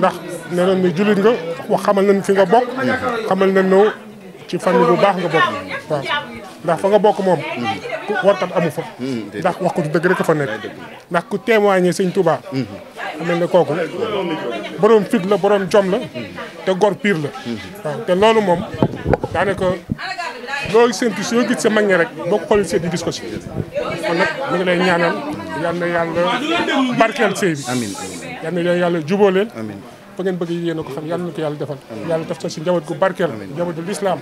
ndax ne noon ni jullit nga wax xamal nañ fi nga bokk xamal nañ no ci famille bu baax nga bokk ndax fa nga bokk moom ku warkat amu fa hmm, ndax wax ko dëgg rek fa nekk ndax ku témoigné sëñ Touba xam hmm. nañ ne kooku borom fit la borom jom la te gor pire la hmm. te loolu moom daanaka looy séntu soo gis sa mag ñi rek boo ko xoolee seet di gis ko si kon nag ñu a lay ñaanal yal na yàlla barkeel sëy bi amiin yal na fa ngeen bëgg yéen a ko xam yàlla na ko yàlla defal yàlla def sa si njaboot gu barkeel njaboot du ah,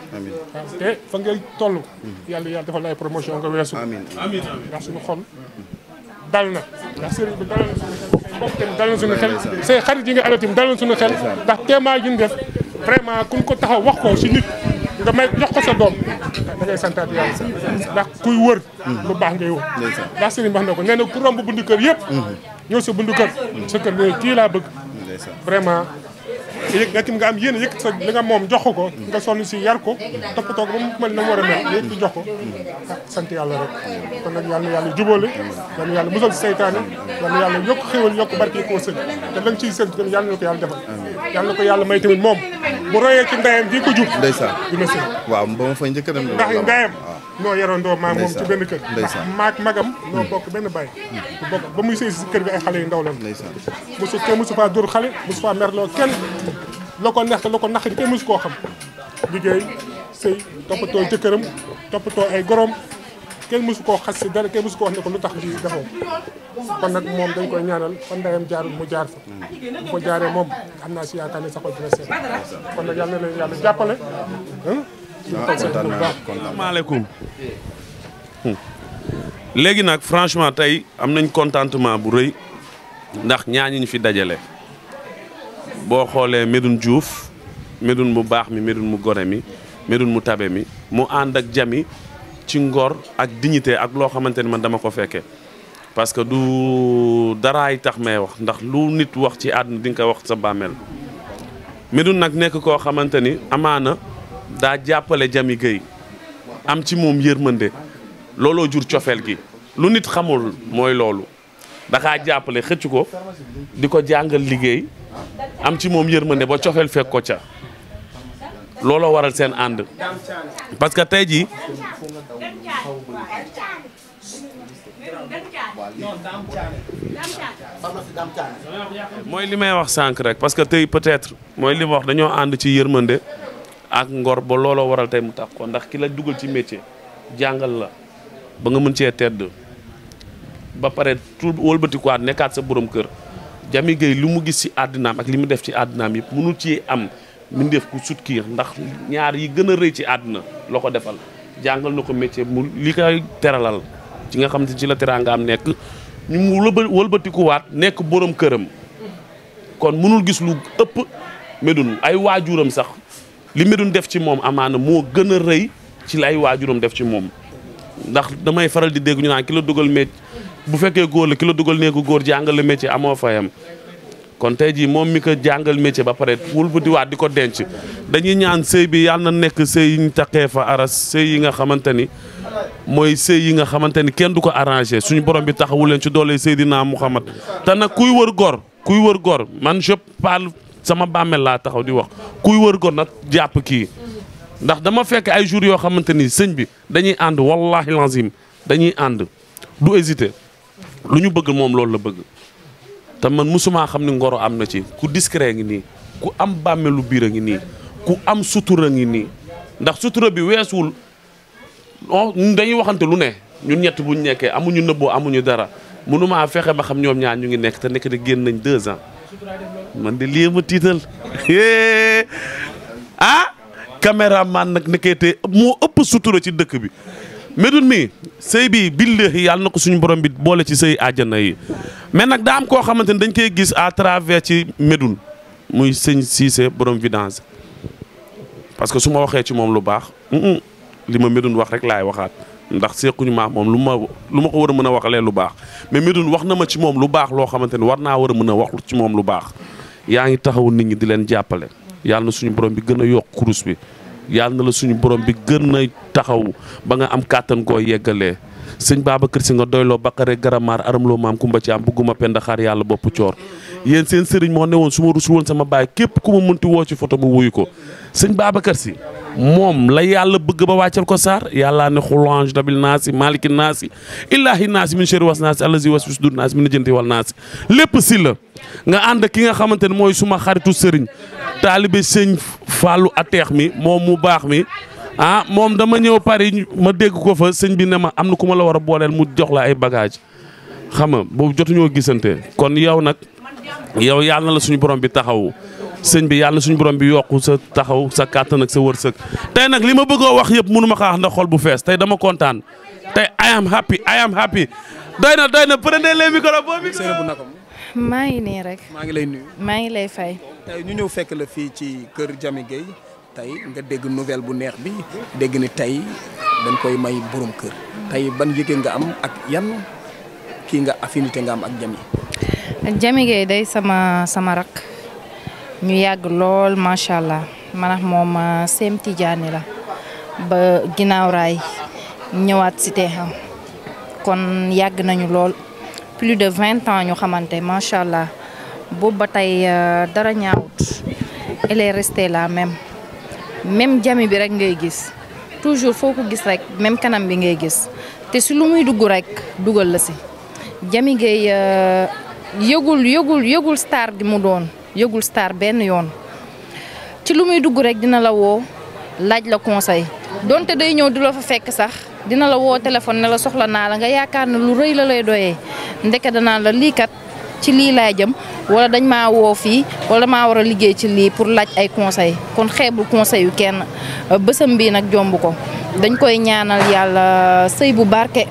te fa ngay toll yàlla defal ay promotion nga weesu ndax suñu xol dal na ndax sëriñ bi dalal na suñu xel mbokk tamit dal na suñu xel def vraiment kuñ ko taxaw wax ko si nit nga may jox ko sa doom da ngay santaat ndax kuy wër lu baax ngay wër ndax sëriñ wax na ko nee ku romb bundu kër yëpp mm-hmm. ñëw sa bundu kër sa kër ne kii laa bëgg vraiment yëg nga tim nga am yéen a yëkkat sa li nga moom jox ko nga sonn si yar ko toppatoo ko ba mu mel na war a mel yëg ko jox ko sant yàlla rek kon nag yàlla yàlla yàlla musal seytaane yàlla yokk xéwal yokk barke koo sën te nga ciy sënt kon yàlla na ko yàlla defal yàlla may tamit moom bu royee ci ndeyam bii ko jub ndeysaan dina waaw ba ma fay njëkk a noo yarandoo maag moom ci benn kër ndax magam hmm. noo bokk benn baay bu bokk ba muy sëy si kër bi ay xale yu ndaw lan mosu kenn mosu faa dóor xale mosu faa merloo kenn la ko neex la ko naq di koo xam liggéey sëy toppatoo jëkkëram toppatoo ay gorom kenn mosu koo xas si dara kenn mosu koo wax ne ko lu tax di defoo kon nag moom dañ koy ñaanal fan ndeyam jaarul mu jaar fa bu ko jaaree moom am naa si yaakaar ne sa xol dina seet kon nag yàlla leen yàlla jàppale hmm? kontaan naa asalaamaaleykum. léegi nag franchement tey am nañ contentement bu rëy ndax ñaañu ñu fi dajale boo xoolee Medoune juuf Medoune mu baax mi Medoune mu gore mi Medoune mu tabe mi mu ànd ak jami ci ngor ak dignité ak loo xamante ni man dama ko fekkee parce que du daraay tax may wax ndax lu nit wax ci àdduna di nga ko wax sa bàmmeel Medoune nag nekk koo xamante ni amaana. daa jàppale Diamy Gueye am ci moom yërmande looloo jur cofeel gi lu nit xamul mooy loolu dakaa jàppale xëcc ko di ko jàngal liggéey am ci moom yërmande ba cofeel fekk ko ca looloo waral seen ànd parce que tey jii mooy li may wax sànq rek que tey peut-être mooy li ma wax dañoo ànd ci yërmande ak ngor ba looloo waral tey mu tax ko ndax kila dugal ci métier jàngal la ba nga mën cee tedd ba pare tout wëlbatikuwaat nekkaat sa borom kër Diamy Gueye lu mu gis ci àddinaam ak li mu def ci àddinaam yëpp mënu ci am mu def ku sut ndax ñaar yi gën a rëy ci àddina loo ko defal jàngal na ko métier mu li koy teralal ci nga xam ne ci la teraangaam nekk ñu mu wëlbatikuwaat nekk borom këram kon mënul gis lu ëpp medun ay waajuram sax li mu doon def ci moom amaana moo gën a rëy ci lay waajuram def ci moom ndax damay faral di dégg ñu naan kilo dugal métier bu fekkee góor la kilo dugal néegu góor jàngale la amoo amoo fayam kon tey jii moom mi ko jàngal métier ba pare wul bu diwaat di ko denc dañuy ñaan sëy bi yàlla na nekk sëy yi ñu taqee fa aras sëy yi nga xamante ni mooy sëy yi nga xamante ni kenn du ko arrangé suñu borom bi taxawu leen ci doole di naa Muhammad te nag kuy wër gor kuy wër gor sama bàmmeel laa taxaw di wax kuy wër ko nag jàpp kii ndax dama fekk ay jours yoo xamante ni sëñ bi dañuy ànd wallahi lazim dañuy ànd du hésiter lu ñu bëgg moom loolu la bëgg te man mësumaa xam ni ngoro am na ci ku discret ngi nii ku am bàmmeelu biir a ngi nii ku am sutura ngi nii ndax sutura bi weesuwul oh dañuy waxante lu ne ñun ñett ñu nekkee amuñu nëbboo amuñu dara mënumaa fexe ba xam ñoom ñaar ñu ngi nekk te nekk di génn nañ deux ans man de lii ma tiital ah caméraman nag nekkete moo ëpp sutura ci dëkk bi Medoune mi sëy bi billahi yàlla na ko suñu borom bi boole ci sëy àjjana yi mais nag daa am koo xamante ne dañ koy gis à travers ci Medoune muy sëñ Cissé borom vidange parce que su ma waxee ci moom lu baax li ma Medoune wax rek laay waxaat ndax seequñu maax moom lu ma lu ma ko war a mën a waxalee lu baax mais Médoune wax na ma ci moom lu baax loo xamante ni war naa war a mën a wax ci moom lu baax yaa ngi taxawu nit ñi di leen jàppale yàlla na suñu borom bi gën a yokk kurus bi yàlla na la suñu borom bi gën a taxaw ba nga am kàttan koo yeggalee sëñ Babacar Si nga doyloo Bakare Garamaar aramloo maam Kumba Caam bugguma penda xaar yàlla bopp coor yéen seen sëriñ moo ne woon su ma rusul woon sama baay képp ku ma mënti woo ci photo mu wuyu ko sëñ Babacar Si moom la yàlla bëgg ba wàccal ko saar yàllaa ne xulange dabil naasi maliki naasi illaahi naasi min sheri was naasi allazi was fi sudur naasi min jënti wal naasi lépp si la nga ànd ki nga xamante ne mooy suma xaritu sëriñ taalibe sëñ fàllu ateex mi moom mu baax mi ah moom dama ñëw Paris ma dégg ko fa sëñ bi ne ma am na ku ma la war a booleel mu jox la ay bagage xam nga boobu jotuñoo gisante kon yow nag yow yàlla na la suñu borom bi taxawu sëñ bi yàlla suñu borom bi yokku sa taxaw sa kàttan ak sa wërsëg tey nag li ma bëggoo wax yëpp mënu ma xaax ndax xol bu fees tey dama kontaan tey I am happy I am happy doy na doy na prenez les micro boobu. maa ngi nii rek. maa ngi lay nuyu. maa ngi lay fay. ñu ñëw fekk la fii ci kër Diamy Gueye tey nga dégg nouvelle bu neex bi dégg ni tey dañ koy may borom kër tey ban yëge nga am ak yan kii nga affinité nga am ak Diamy. Diamy Gueye day sama sama ñu yàgg lool macha allah man moom euh, seem Tijaani la ba ginnaaw raay ñëwaat si teexam kon yàgg nañu lool plus de vingt ans ñu xamante macha allah boobu ba tey euh, dara ñaawut elle est restée la même même jami bi rek ngay gis toujours foo ko gis rek même kanam bi ngay gis te si lu muy dugg rek dugal la si jami ngay euh, yëgul yëgul yëgul star gi mu doon. yëgul star benn yoon ci lu muy dugg rek dina la woo laaj la conseil donte day ñëw du la fa fekk sax dina la woo téléphone ne la soxla naa la nga yaakaar ne lu rëy la lay doyee ndeke danaan la lii kat ci lii laa jëm wala dañ maa woo fii wala maa war a liggéey ci lii pour laaj ay conseil kon xeebul conseil yu kenn bësam bii nag jomb ko dañ koy ñaanal yàlla sëy bu barke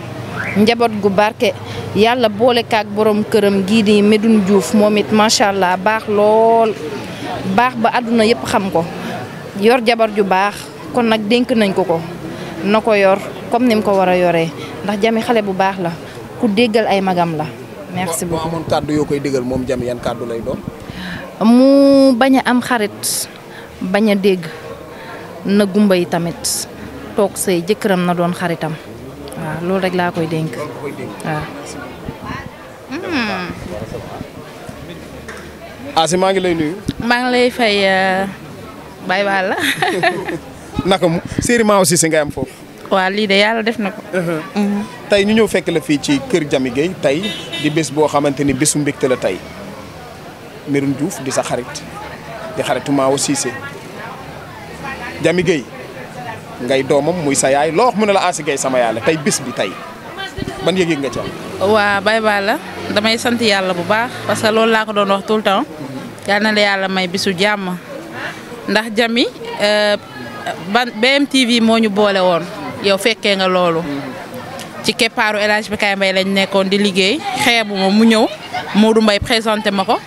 njaboot gu barke yàlla boole kaak borom këram gii di Medoune Diouf moom it macha allah baax lool baax ba àdduna yëpp xam ko yor jabar ju baax kon nag dénk nañ ko ko na ko yor comme ni mu ko war a yoree ndax jami xale bu baax la ku déggal ay magam la. merci beaucoup amoon yoo koy déggal moom jami yan kàddu lay doon. mu bañ a am xarit bañ a dégg na gumba yi tamit toog say jëkkëram na doon xaritam. waaw loolu rek laa koy dénk waaw. Hmm. maa ngi lay nuyu. maa ngi lay fay euh, Baye la naka mu séeri maa aussi si ngay am foofu. waaw lii de yàlla def na ko. Uh-huh. Mm-hmm. tey ñu ñëw fekk la fii ci kër Diamy Gueye tey di bés boo xamante ni bésu mbégte la tey Meroune Diouf di sa xarit di xaritu Maawo Cissé Diamy ngay doomam muy sa yaay loo mu ne la Assi sama yàlla tey bis bi tey ban yëg-yëg nga ci waa bay baa la damay sant yàlla bu baax parce que loolu laa ko doon wax tout le temps na la yàlla may bisu jàmm ndax jami euh, ban BMTV moo ñu boole woon yow fekkee nga loolu. ci keppaaru El bi kaay Mbaye lañ nekkoon di liggéey xeebu ma mu ñëw Modou Mbaye présenté ma ko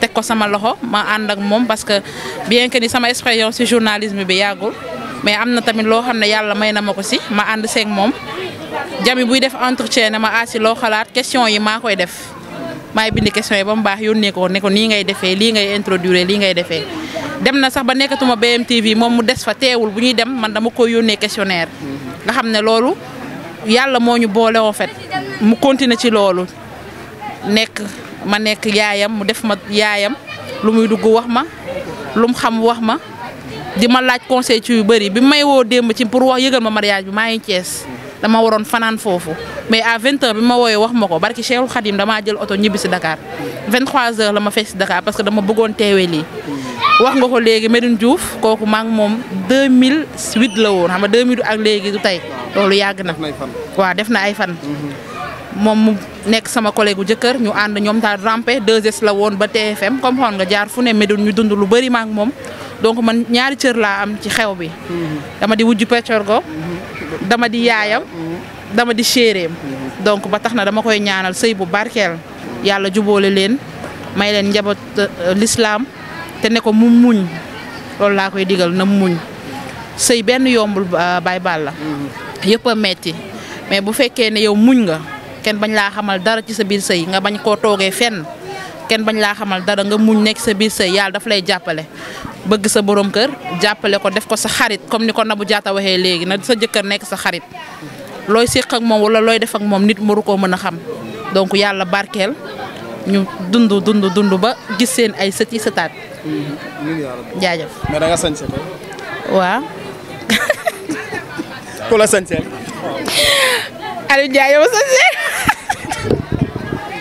teg ko sama loxo ma ànd ak moom parce que bien que ni sama expérience ci journalisme bi yàggul. mais am na tamit loo xam ne yàlla may na ma ko si ma ànd seek moom jami buy def entretien ne ma aasi ah, loo xalaat question yi maa koy def maay bind question yi ba mu baax yónnee ko ne ko nii ngay defee lii ngay introduire lii ngay defee dem na sax ba nekkatuma BMTV moom mu des fa teewul bu ñuy dem man dama koy yónnee questionnaire nga xam ne loolu yàlla moo ñu boole en fait mu continuer ci loolu nekk ma nekk yaayam mu def ma yaayam lu muy dugg wax ma lu mu xam wax ma di ma laaj conseil ci yu bëri bi may woo démb ci pour wax yëgal ma mariage bi maa ngi Thiès dama waroon fanaan foofu mais à 20h bi ma wooyee wax ma ko barki Cheikhul Khadim damaa jël oto ñibbi si Dakar la ma fekk si Dakar parce que dama bëggoon teewee lii. wax nga ko léegi Medoune Diouf kooku maa ngi moom 2008 la woon xam nga 2000 ak léegi du tey loolu yàgg na. waa def na ay fan. Mm-hmm. moom mu nekk sama collègue bu jëkkër ñu ànd ñoom daal rampe 2S la woon ba comme xoon nga jaar fu ne Medoune ñu dund lu bëri maa moom. donc man ñaari cër laa am ci xew bi. dama di wujj wujju peccorgo dama di yaayam. dama di séeréem. donc ba tax na dama koy ñaanal sëy bu barkeel. yàlla jubóole leen may leen njaboot euh, lislaam te ne ko mu muñ loolu laa koy digal na muñ sëy benn yombul bay euh, baal la. yëpp metti mais bu fekkee ne yow muñ nga kenn bañ laa xamal dara ci sa biir sëy nga bañ koo toogee fenn kenn bañ laa xamal dara nga muñ nekk sa biir sëy yàlla dafa lay jàppale bëgg sa borom kër jàppale ko def ko sa xarit comme ni ko bu jaata waxee léegi na sa jëkkër nekk sa xarit looy séq ak moom wala looy def ak moom nit mënu koo mën a xam donc yàlla barkeel ñu dund dund ba gis seen ay sët yi sëtaat. jaajëf. mais da nga sañse tey. waaw. ku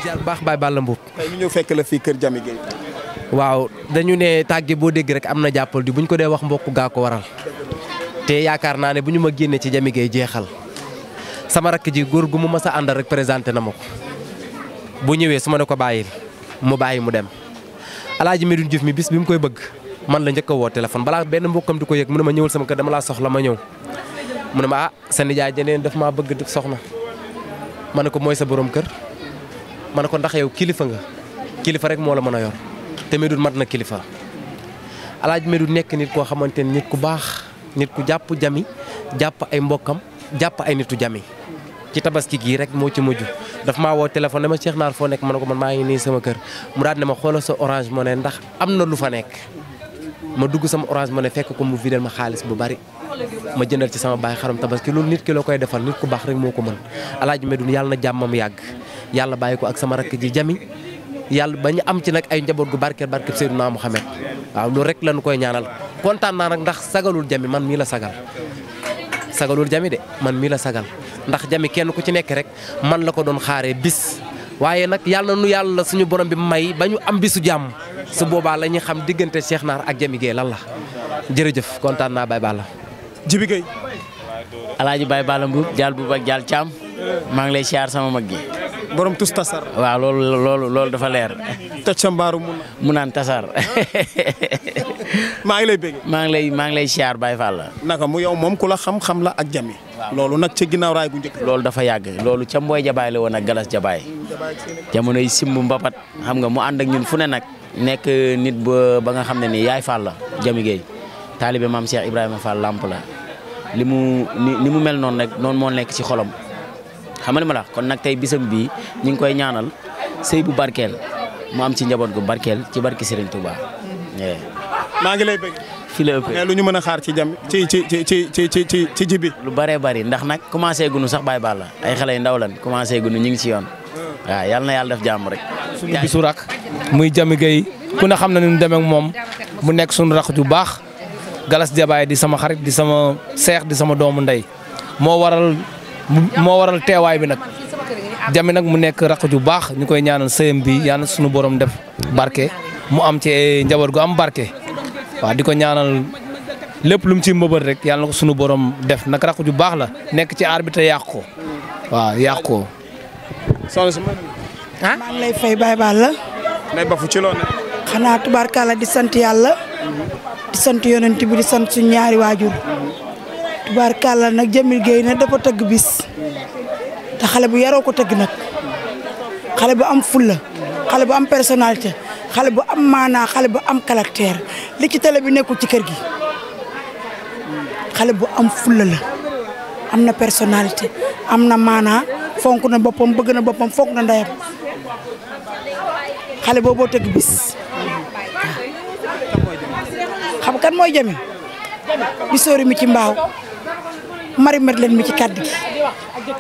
jaar baax baay Balla fekk la fii kër Jami waaw dañu ne tàgge boo dégg rek am na jàppal di bu ñu ko dee wax mbokk gaa ko waral te yaakaar naa ne bu ñu ma génnee ci Diamy Gueye jeexal sama rakk ji góor gu mu mas a àndal rek présenté na ma ko bu ñëwee su ne ko bàyyil mu bàyyi mu dem alaaji Medoune Diouf mi bis bi mu koy bëgg man la njëkk a woo téléphone balaa benn mbokkam di ko yëg mu ne ma ñëwal sama kër dama laa soxla ma ñëw mu ne ma ah sa nijaay jeneen daf maa bëgg soxna ma ne ko mooy sa borom kër ma ne ko ndax yow kilifa nga kilifa rek moo la mën a yor te Medoune mat na kilifa alaaj Medoune nekk nit koo xamante ni nit ku baax nit ku jàpp jami jàpp ay mbokkam jàpp ay nitu jami ci tabaski gii rek moo ci mujj dafa maa woo téléphone ne ma Cheikh Naar foo nekk ma ne ko man maa ngi nii sama kër mu daal ne ma xoolal sa orange money ndax am na lu fa nekk ma dugg sama orange ne fekk ko mu vidal ma xaalis bu bari ma jëndal ci sama baay xaram tabaski loolu nit ki loo koy defal nit ku baax rek moo ko mën alaaji Medoune yàlla na jàmmam yàgg yàlla ko ak sama rakk ji yàlla ba ñu am ci nag ay njaboot gu barkeel barkeel Seydina Muhammad waaw loolu rek lañu koy ñaanal kontaan naa nag ndax sagalul jami man mii la sagal sagalul jami de man mii la sagal ndax jami kenn ku ci nekk rek man la ko doon xaaree bis waaye nag yàlla nu yàlla suñu borom bi may ba ñu am bisu jàmm su boobaa la ñuy xam diggante Cheikh Naar ak Jami Gueye lan la jërëjëf kontaan naa Baye Balla. Jibi Gueye. El Hadj Baye Balla Mbour Dial bu bag Dial Thiam maa ngi lay siyaar sama mag gi. borom tus tasar. waaw loolu loolu loolu dafa leer. toj sa mbaaru mu naan tasar. maa ngi lay bëgg. maa ngi lay maa ngi lay siyaar Baye Fall la. naka mu yow moom ku la xam-xam la ak jami. loolu nag ca ginnaaw raay bu loolu dafa yàgg loolu ca mbooy jabaay la woon ak galas jabaay. jamono yi simb mbapat xam nga mu ànd ak ñun fu ne nag. nekk nit ba ba nga xam ne ni yaay Fall la jami géey taalibe maam Cheikh Ibrahima Fall làmp la li mu ni mu mel noonu rek noonu moo nekk ci xolom xam nga ma la kon nag tey bisam bii ñu ngi koy ñaanal sëy bu barkeel mu am ci njaboot gu barkeel ci barki Serigne Touba. maa ngi lay bëgg. fi la lu ñu mën a xaar ci jam ci ci ci ci ci ci ci ji bi. lu bëree bari ndax nag commencé gunu sax Baye Balla ay xale yu ndaw lan commencé gunu ñu ngi ci yoon. Hmm. waaw yàlla na yàlla def jàmm rek. suñu bisu rak muy Diamy Gueye ku ne xam na ni mu moom mu nekk suñu rak ju baax Galas Jabaay di sama xarit di sama seex di sama doomu ndey moo waral. moo waral teewaay bi nag jami nag mu nekk rakk ju baax ñu koy ñaanal sëyam bi yàlla suñu borom def barke mu am ci eh, njaboot gu am barke waaw di ko ñaanal lépp lum ci mbëbët rek yàlla na ko suñu borom def nag rakk ju baax la nekk ci aar bi te yàq ko waaw yàq ko. soxna ah? lay fay baay baal la. nay bafu ci loolu. xanaa tubaarkalla di sant yàlla. di sant yonent bi di sant suñu ñaari waajur. tubaarkàlla nag Jamil Gueye nag dafa tëgg bis te xale bu yaroo ko tëgg nag xale bu am fulla xale bu am personnalité xale bu am maanaa xale bu am caractère li ci tele bi nekkul ci kër gi xale bu am fulla la am na personnalité am na maanaa fonk na boppam bëgg na boppam fonk na ndeyam xale booboo tëgg bis xam kan mooy Jamil bi sóori mi ci mbaaw mari met leen mi ci kàddu gi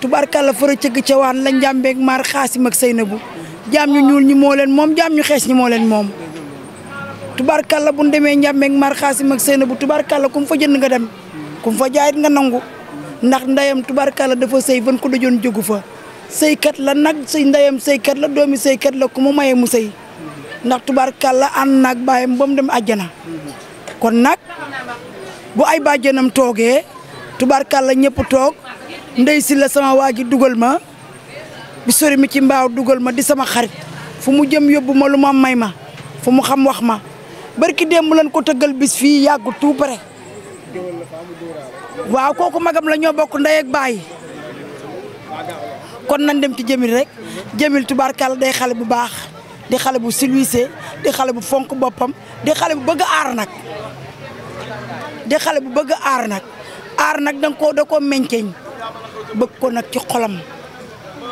tubaarkàlla fara cawaan ca waan la njàmbeeg maar xaasim ak bu jaam ñu ñuul ñi moo leen moom jaam ñu xees ñi moo leen moom tubaarkàlla bu ñu demee njàmbeeg maar xaasim ak bu tubaarkàlla ku kum fa jënd nga dem ku fa jaayit nga nangu ndax ndeyam tubaarkàlla dafa sëy fan ko dojoon jógu fa sëykat la nag sëy ndeyam sëykat la doomi sëykat la ku mu mayee mu sëy ndax tubaarkàlla ànd naag baayam ba mu dem àjjana kon nag bu ay bàjjanam toogee tubaarkàlla ñëpp toog ndey si la sama waa ji dugal ma bi sori mi ci mbaaw dugal ma di sama xarit fu mu jëm yóbbu ma lu may ma fu mu xam wax ma barki démb lan ko tëggal bis fii yàggu tu pare waaw kooku magam lañoo bokk nday ak baay kon nan dem ci jëmil rek jëmil tubaarkàlla day xale bu baax di xale bu silwisé di xale bu fonk boppam di xale bu bëgg aar nag di xale bu bëgg aar nag aar nag danga ko da koo meñceeñ bëgg ko nag ci xolam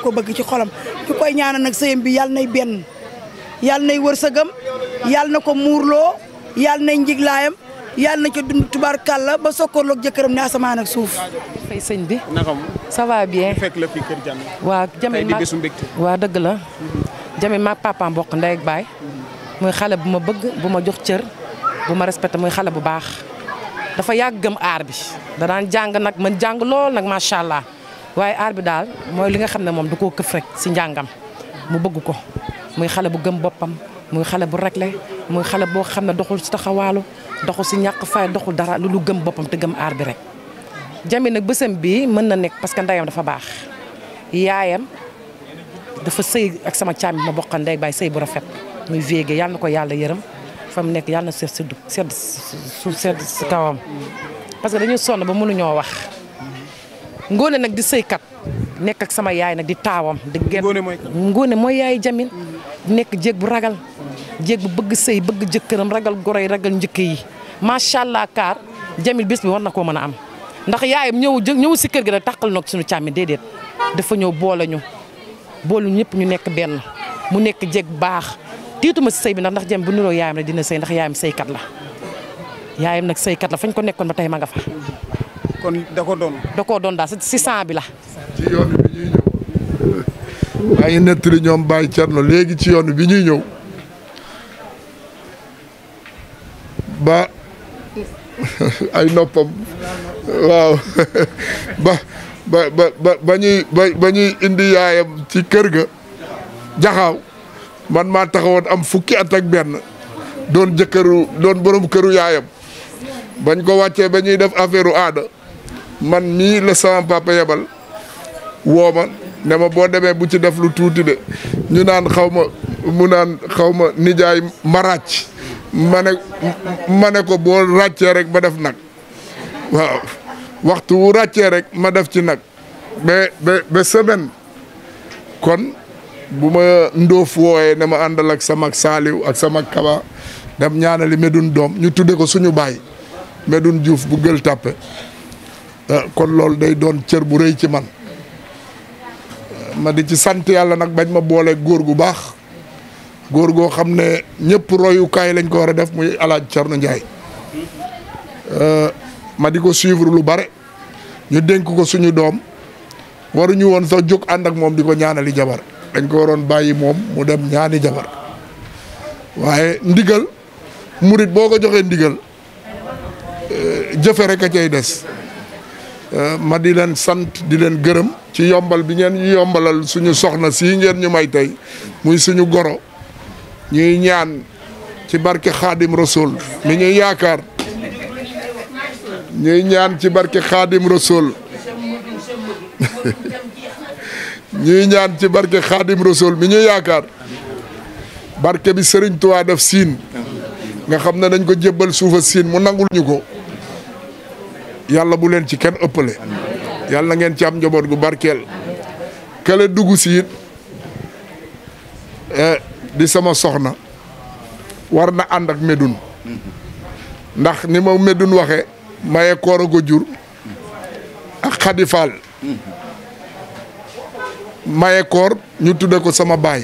ko bëgg ci xolam ki koy ñaanal nag sëyam bi yàlla nay benn yàlla nay wërsëgam yàlla na ko muurloo yàlla nay njiglaayam yàlla na ci dund tubaar kàlla ba sokkoorloog jëkkëram ne asamaan ak suuf. fay sëñ bi. naka mu bien. fekk waa Jami ma waa dëgg la. Jami maag papaam bokk baay. Mhm. muy xale bu ma bëgg bu ma jox cër bu ma respecté muy xale bu baax. dafa yàgg gëm aar bi da jàng nag man jàng lool nag macha allah waaye aar bi daal mooy li nga xam ne moom du ko këf rek si njàngam mu bëgg ko muy xale bu gëm boppam muy xale bu réglé muy xale boo xam ne doxul si taxawaalu doxul si ñàkk fay doxul dara lu lu gëm boppam te gëm aar bi rek. Jami nag bésam bii mën na nekk parce que ndeyam dafa baax yaayam dafa sëy ak sama caam bi ma bokkal ndey baay sëy bu rafet muy végé yàlla na ko yàlla yërëm. fa mu nekk yàlla na seet sedd sedd su sedd si kawam parce que dañu sonn ba ñoo wax ngóone nag di sëykat nekk ak sama yaay nag di taawam di gën ngóone mooy yaay jamin nekk jéeg bu ragal jéeg bu bëgg sey bëgg jëkkëram ragal goro yi ragal njëkk yi macha allah kaar jamil bis bi war na koo mën a am ndax yaayam ñëw ñëw si kër gi da tàqal noog suñu càmmi déedéet dafa ñëw boole ñu boolu ñëpp ñu nekk benn mu nekk jéeg baax tiituma si sëy bi ndax ndax jëm bu nuroo yaayam rek dina sëy ndax yaayam sëykat la yaayam nag sëykat la fañ ko nekkoon ba tey ma nga fa. doon. da koo daal si sang bi la. ci yoon bi ñuy ñëw maa léegi ci yoon bi ñuy ñëw ba ay noppam waaw ba ba ba ba ba ñuy indi yaayam ci kër ga jaxaaw. man maa taxawoon am fukki at ak benn doon jëkkëru doon borom këru yaayam bañ ko wàccee ba ñuy def affaire aada man mii la sama papa yebal woo ne ma boo demee bu ci def lu tuuti de ñu naan xaw ma mu naan xaw ma nijaay ma ràcc ma ne ma ne ko boo ràccee rek ma def nag waaw waxtu wu ràccee rek ma def ci nag ba ba semaine kon bu ma ndóof wooyee ne ma àndal ak sama saaliw ak sama kaba dem ñaanali Medoune doom ñu tudde ko suñu baay Medoune juuf bu gël tàppe euh, kon loolu day doon cër bu rëy ci man euh, ma di ci sant yàlla nag bañ ma boole góor gu baax góor goo xam ne ñëpp royukaay lañ ko war a def muy alaaj Cerno Njaay euh, ma di ko suivre lu bare ñu dénk ko suñu doom waruñu woon sax jóg ànd ak moom di ko ñaanali jabar dañ ko waroon bàyyi moom mu dem ñaani jabar waaye ndigal murit boo ko joxee ndigal euh, jëfe rekk a cay des euh, ma di leen sant di leen gërëm ci yombal bi ngeen yombalal suñu soxna si ngeen ñu may tey muy suñu goro ñuy ñaan ci barke xaadim rasul mi ñuy yaakaar ñuy ñaan ci barke xaadim rasul ñuy ñaan ci barke xaadim rasul mi ñu yaakaar barke bi Serigne Touba def siin nga xam ne dañ ko jébbal suufa siin mu nangul ñu ko yàlla bu leen ci kenn ëppale yàlla na ngeen ci am njaboot gu barkeel kale dugg si eh, di sama soxna war na ànd ak medun ndax ni ma medun waxe maye koor a ko jur ak xadi maye koor ñu tudde ko sama baay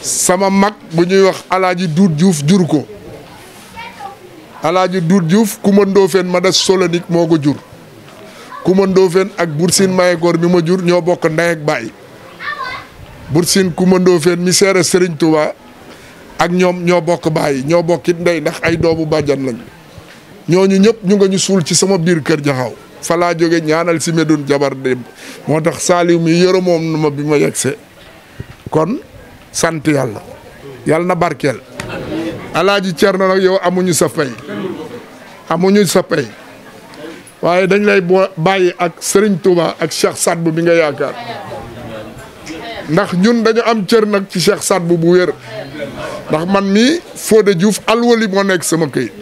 sama mag bu ñuy wax alaaji duut juuf jur ko alaaji duut juuf kuma ndóofeen ma des solonik moo ko jur kuma ndóofeen ak bursin maye koor mi ma jur ñoo bokk ndey ak baay bursin kuma ndóofeen mi seere sëriñ ak ñoom ñoo bokk baay ñoo bokkit ndey ndax ay doomu bàjjan lañu ñooñu ñëpp ñu nga ñu suul ci sama biir kër jaxaw falaa laa jóge ñaanal si Medoune Jabar démb moo tax Saliou mi yërëmoom nu ma bi ma yegsee kon sant yàlla yàlla na barkeel alaaji Cerno nag yow amuñu sa fay amuñu sa pay waaye dañ lay bàyyi ak Serigne Touba ak Cheikh Sadbu bi nga yaakaar ndax ñun dañu am cër nag ci Cheikh Sadbu bu wér ndax man mii Fodé Diouf alwali moo nekk sama këyit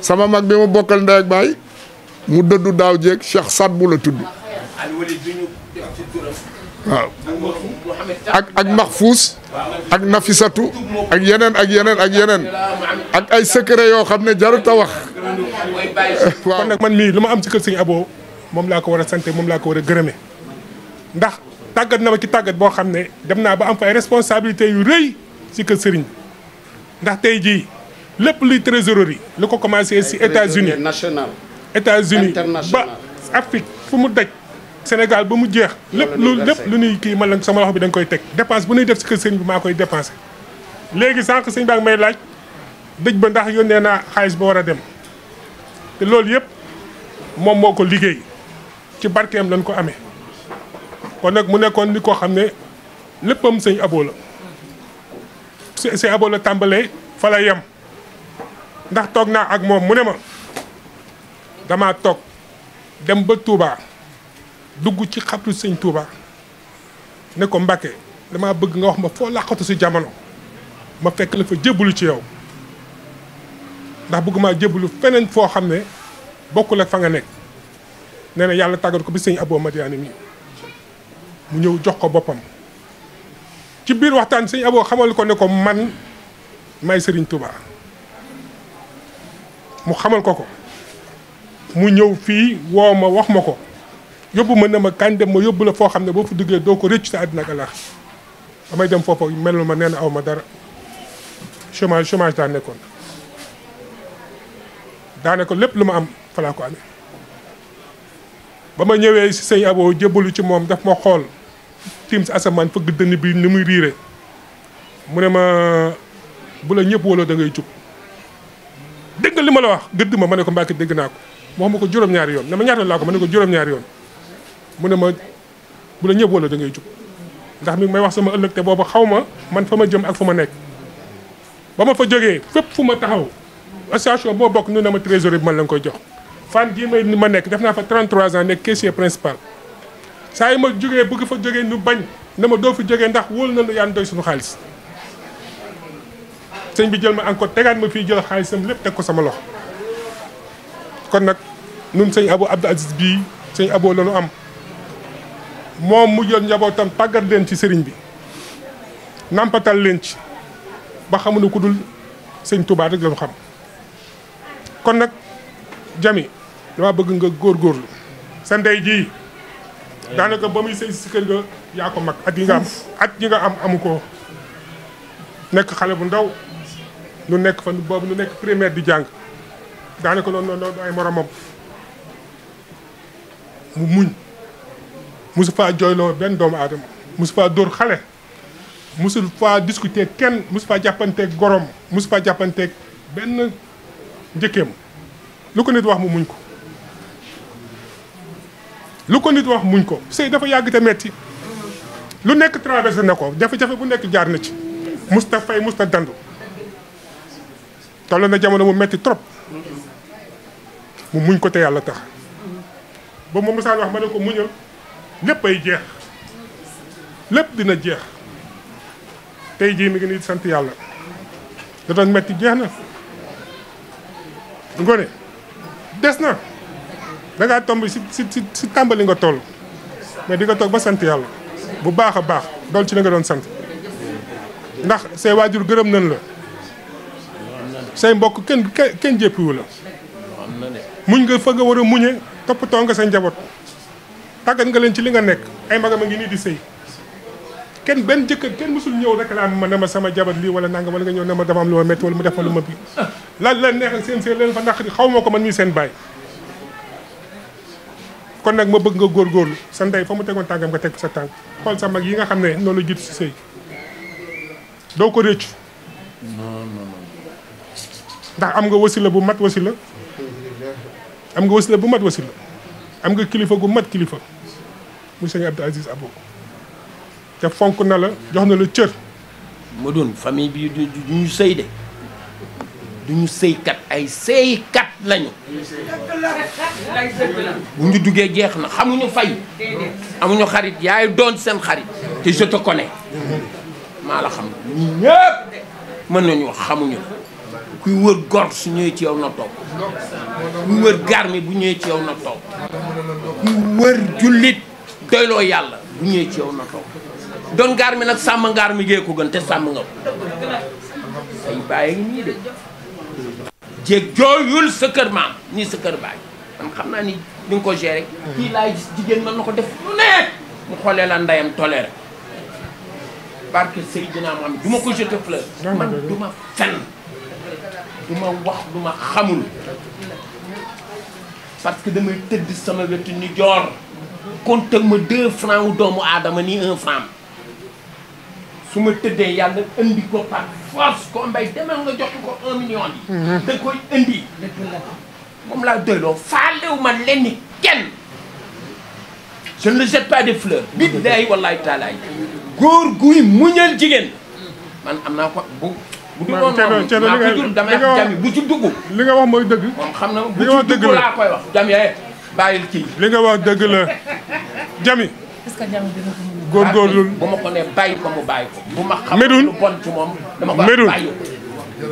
sama mag bi ma bokkal ndey ak baay mu dëddu daaw jéeg Cheikh Saad bu la tudd. waaw ak ak Mahfous ak Nafisatu ak yeneen ak yeneen ak yeneen ak ay secret yoo xam ne jarut a wax. waaw kon nag man mii lu ma am si kër Sëñ Abo moom laa ko war a sant moom laa ko war a gërëme ndax tàggat na ma ci tàggat boo xam ne dem naa ba am fa ay responsabilités yu rëy ci kër sëriñ ndax tey jii lépp luy trésorerie lu ko commencé si États-Unis national États-Unis ba Afrique fu mu daj Sénégal ba mu jeex lépp lu lépp lu nuy kii ma lañ sama loxo bi da koy teg dépense bu nuy def si kër sëñ bi maa koy dépensé léegi sànq sëñ baa ngi may laaj dëj ba ndax yónnee naa xaalis ba war a dem te loolu yëpp moom moo ko liggéey ci barkeem lañ ko amee kon nag mu nekkoon ni koo xam ne léppam sëñ aboo la sëñ aboo la tàmbalee fa la yem ndax toog naa ak moom mu ne ma dama toog dem ba Touba dugg ci xabru sëñ Touba ne ko Mbàkke dama bëgg nga wax ma foo làqatu ci jamono ma fekk la fa jébbalu ci yow ndax bëgguma jébbalu feneen foo xam ne bokkul ak fa nga nekk ne na yàlla tàggat ko bi sëñ Aboo Madiane mi mu ñëw jox ko boppam ci biir waxtaan sëñ Aboo xamal ko ne ko man may sëriñ Touba mu xamal ko ko mu ñëw fii woo ma wax ma ko yóbbu ma ne ma kañ dem ma yóbbu la foo xam ne boo fa duggee doo ko rëcc sa àddina ak alax damay dem foofa melul ma nee na aw ma dara chômage chômage daa nekkoon daanaka lépp lu ma am falaa ko ba ma ñëwee si sëñ Abo jébbalu ci moom daf ma xool tiim si asamaan fëgg dënn bi ni muy riire mu ne ma bu la ñëpp wala da ngay jub dégg nga li ma la wax gëdd ma ma ne ko Mbàkke dégg naa ko wax ma ko juróom-ñaari yoon ne ma ñaata laa ko ma ne ko juróom-ñaari yoon mu ne ma bu la ñëw wala da ngay jug ndax mi may wax sama ëllëg te boobu xaw ma man fa ma jëm ak fu ma nekk ba ma fa jógee fépp fu ma taxaw association boo bokk ñu ne ma trésorier bi man la koy jox fan jii may ma nekk def naa fa 33 ans nekk caissier principal saa yi ma jógee bëgg fa jógee nu bañ ne ma doo fi jógee ndax wóolu na la yaan doy suñu xaalis sëñ bi jël ma encore tegaat ma fii jël xaalisam lépp teg ko sama loxo kon nag nun sëñ Abou Abdou Aziz bii sëñ Abou la am moom mu jël njabootam tàggat leen ci sëriñ bi nampatal leen ci ba xamuñu ku dul sëñ Touba rek la xam kon nag jami dama bëgg nga góor góorlu sa ndey ji daanaka ba muy sëy si kër ga yaa ko mag at yi nga am at yi nga am amu ko nekk xale bu ndaw nu nekk fa boobu nu nekk primaire di jàng daanaka loolu loolu ay moromam mu muñ mosu faa jooyloo benn doomu aadama mosu faa dóor xale mosul faa discuter kenn mosu faa jàppanteeg gorom mosu faa jàppanteeg benn njëkkeem lu ko nit wax mu muñ ko lu ko nit wax muñ ko sëy dafa yàgg te metti lu nekk traversé na ko jafe-jafe bu nekk jaar na ci musta fay musta dandu toll na jamono mu metti trop mu muñ ko te yàlla tax ba ma mosaan wax ma ne ko muñal lépp ay jeex lépp dina jeex tey jii mi ngi nii sant yàlla da doon metti jeex na ngone des na da ngaa tomb si si si tàmbali nga toll mais di nga toog ba sant yàlla bu baax a baax dool ci la nga doon sant ndax say waajur gërëm nañ la say mbokk kenn kenn jéppiwu la muñ nga fa nga war a muñe toppatoo nga sa njaboot tàggat nga leen ci li nga nekk ay magam a ngi nii di sëy kenn benn jëkkër kenn musul ñëw réclame ma ne ma sama jabar lii wala nangam wala nga ñëw ne ma dama am lu ma métti wala mu def bi lan la neex ak seen sëy leen fa naqari xaw ma ko man mii seen baay nag ma bëgg nga góorgóorlu sa ndey fa mu tegoon tànkam nga teg sa tànk xool sa mag yi nga xam ne noonu la jiitu si sëy ko réccu am nga wasila bu mat wasila am nga wasila bu mat wasila am nga kilifa gu mat kilifa muy sëñ Abdou Aziz Abo te fonk na la jox na la cër. ma doon famille bi du ñu sëy de du sëykat ay sëykat lañu. bu ñu duggee jeex na xamuñu fay. amuñu xarit yaay doon seen xarit. te je te connais. maa la xam ñun ñëpp mën nañu wax xamuñu la. kuy wër gor su ñëwee ci yow na kuy wër bu ñëwee ci yow na jullit doyloo yàlla bu ñëwee ci yow na toog doon garmi nag sàmm garmi gee ko gën te sàmm nga ko say bàyyi nii de jéeg jooyul sa kër maam nii sa kër baay man xam naa ni di nga ko géré kii laay gis jigéen mën na ko def lu ne mu xoolee la ndeyam toléré barke Seydina Mohamed du ma ko jeté fleur man du ma du ma wax du xamul parce que damay tëdd sama wetu ni joor compte ma deux francs wu doomu aadama ni un franc su ma tëddee yàlla indi ko par force ko mbay demal nga jox ko un million bi mhm. da koy indi moom laa doyloo faalewu ma lenni kenn je ne le pas de fleurs billaahi wallaahi taalaay góor guy muñal jigéen man am naa ko bu bu dul woon noonu maa dugg. li nga wax mooy dëgg. xam na bu ci dugg laa koy wax. Eh, bàyyil kii. li nga wax dëgg la jami. est-ce que jami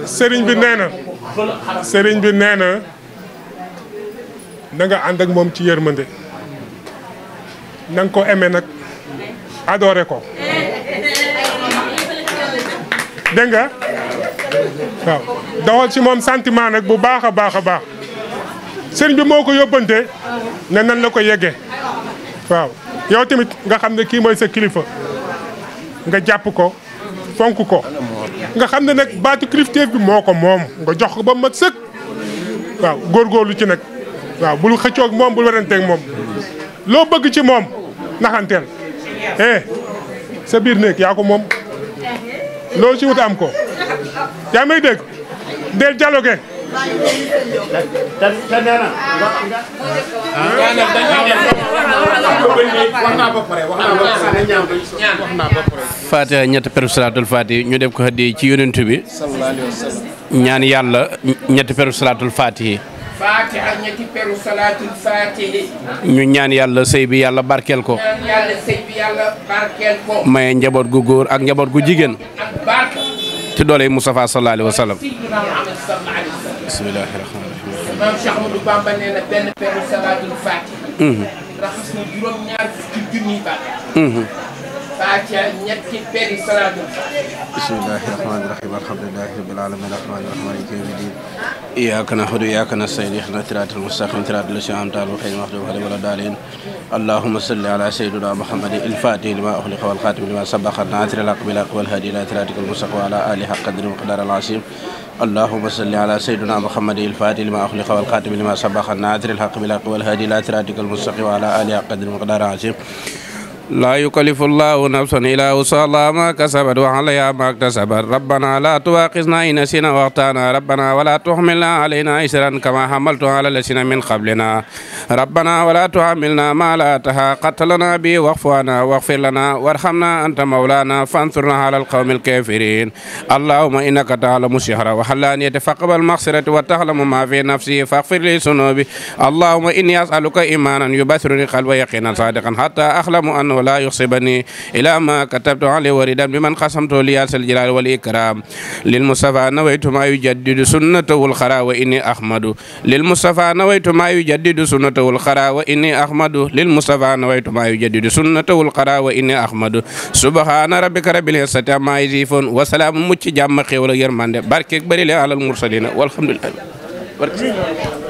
sëriñ bi nee na. sëriñ bi nee na na ànd ak moom ci yërmande. na nga ko aimé nag adoré ko. dégg waaw doxal ci moom sentiment nag bu baax a baax a baax sëriñ bi moo ko yóbbante ne nan la ko yeggee waaw yow tamit nga xam ne kii mooy sa kilifa nga jàpp ko fonk ko nga xam ne nag baatu kilifteef bi moo ko moom nga jox ko ba mat sëkk waaw góor góorgóorlu ci nekk waaw bul xëccoo ak moom bul weranteeg moom loo bëgg ci moom naxanteel eh sa biir néeg yaa ko moom loo ci wut am ko yaa may dégg del dialogué. te nee ñetti peru salaatul Fatiha ñu def ko xëddi ci yonent bi. ñaan yàlla ñetti ñu ñaan yàlla sëy bi yàlla barkeel ko. ñaan maye njaboot gu góor ak njaboot gu jigéen. ci doole yi Moustapha sallallahu alayhi wa fàcceel ñetti peri salaatul faatiha. bismillahi rahmaani rahim alhamdulillahi rabbil alamin rahmaani rahim maliki yawmi din iyyaka na'budu wa iyyaka nasta'in ihdinas siraatal mustaqim siraatal lazina an'amta alayhim ghayril maghdubi alayhim wala ddaalliin allahumma salli ala sayyidina muhammadin il-faatihi lima ughliqa wal khaatimi lima sabaqa naasiril haqqi bil haqqi wal haadi ila siraatikal mustaqim wa ala aalihi haqqa qadrihi wa miqdaarihil aziim اللهم صل على سيدنا محمد الفاتح لما أخلق والخاتم لما سبق الناصر الحق بالحق والهادي إلى صراطك المستقيم وعلى آله قدر مقدار عظيم laa yukallifu llaahu nafsan illaa wus'ahaa maa kasabat wa 'alayhaa maa iktasabat rabbanaa laa tu'aakhidhnaa in nasiinaa wa akhṭa'naa rabbanaa wa laa tuhmilnaa 'alaynaa isran kamaa hamaltahu 'alaa llaziina min qablinaa rabbanaa wa laa tuhammilnaa maa laa tahaqqata lanaa bihi wa'fu 'annaa waghfir lanaa warhamnaa anta mawlaanaa fansuranaa 'alal qawmil kaafiriin allaahumma innaka ta'lamu sirra wa alaaniyata fataqabbal maghfirati wa ta'lamu maa fii nafsii faghfir lii zunuubii allaahumma innii as'aluka iimaanan yubashshirunii qalban yaqiinan saadiqan hattaa a'lamu ولا يصيبني إلى ما كتبت عليه وردا بمن خصمته لي أرسل الجلال والإكرام للمصطفى نويت ما يجدد سنته الخرا وإني أحمد للمصطفى نويت ما يجدد سنته الخرا وإني أحمد للمصطفى نويت ما يجدد سنته الخرا وإني أحمد سبحان ربك رب العزة عما يصفون وسلام mucc jàmm xéwal ak yërmande barkeeg bëri la alal mursalina walhamdulillah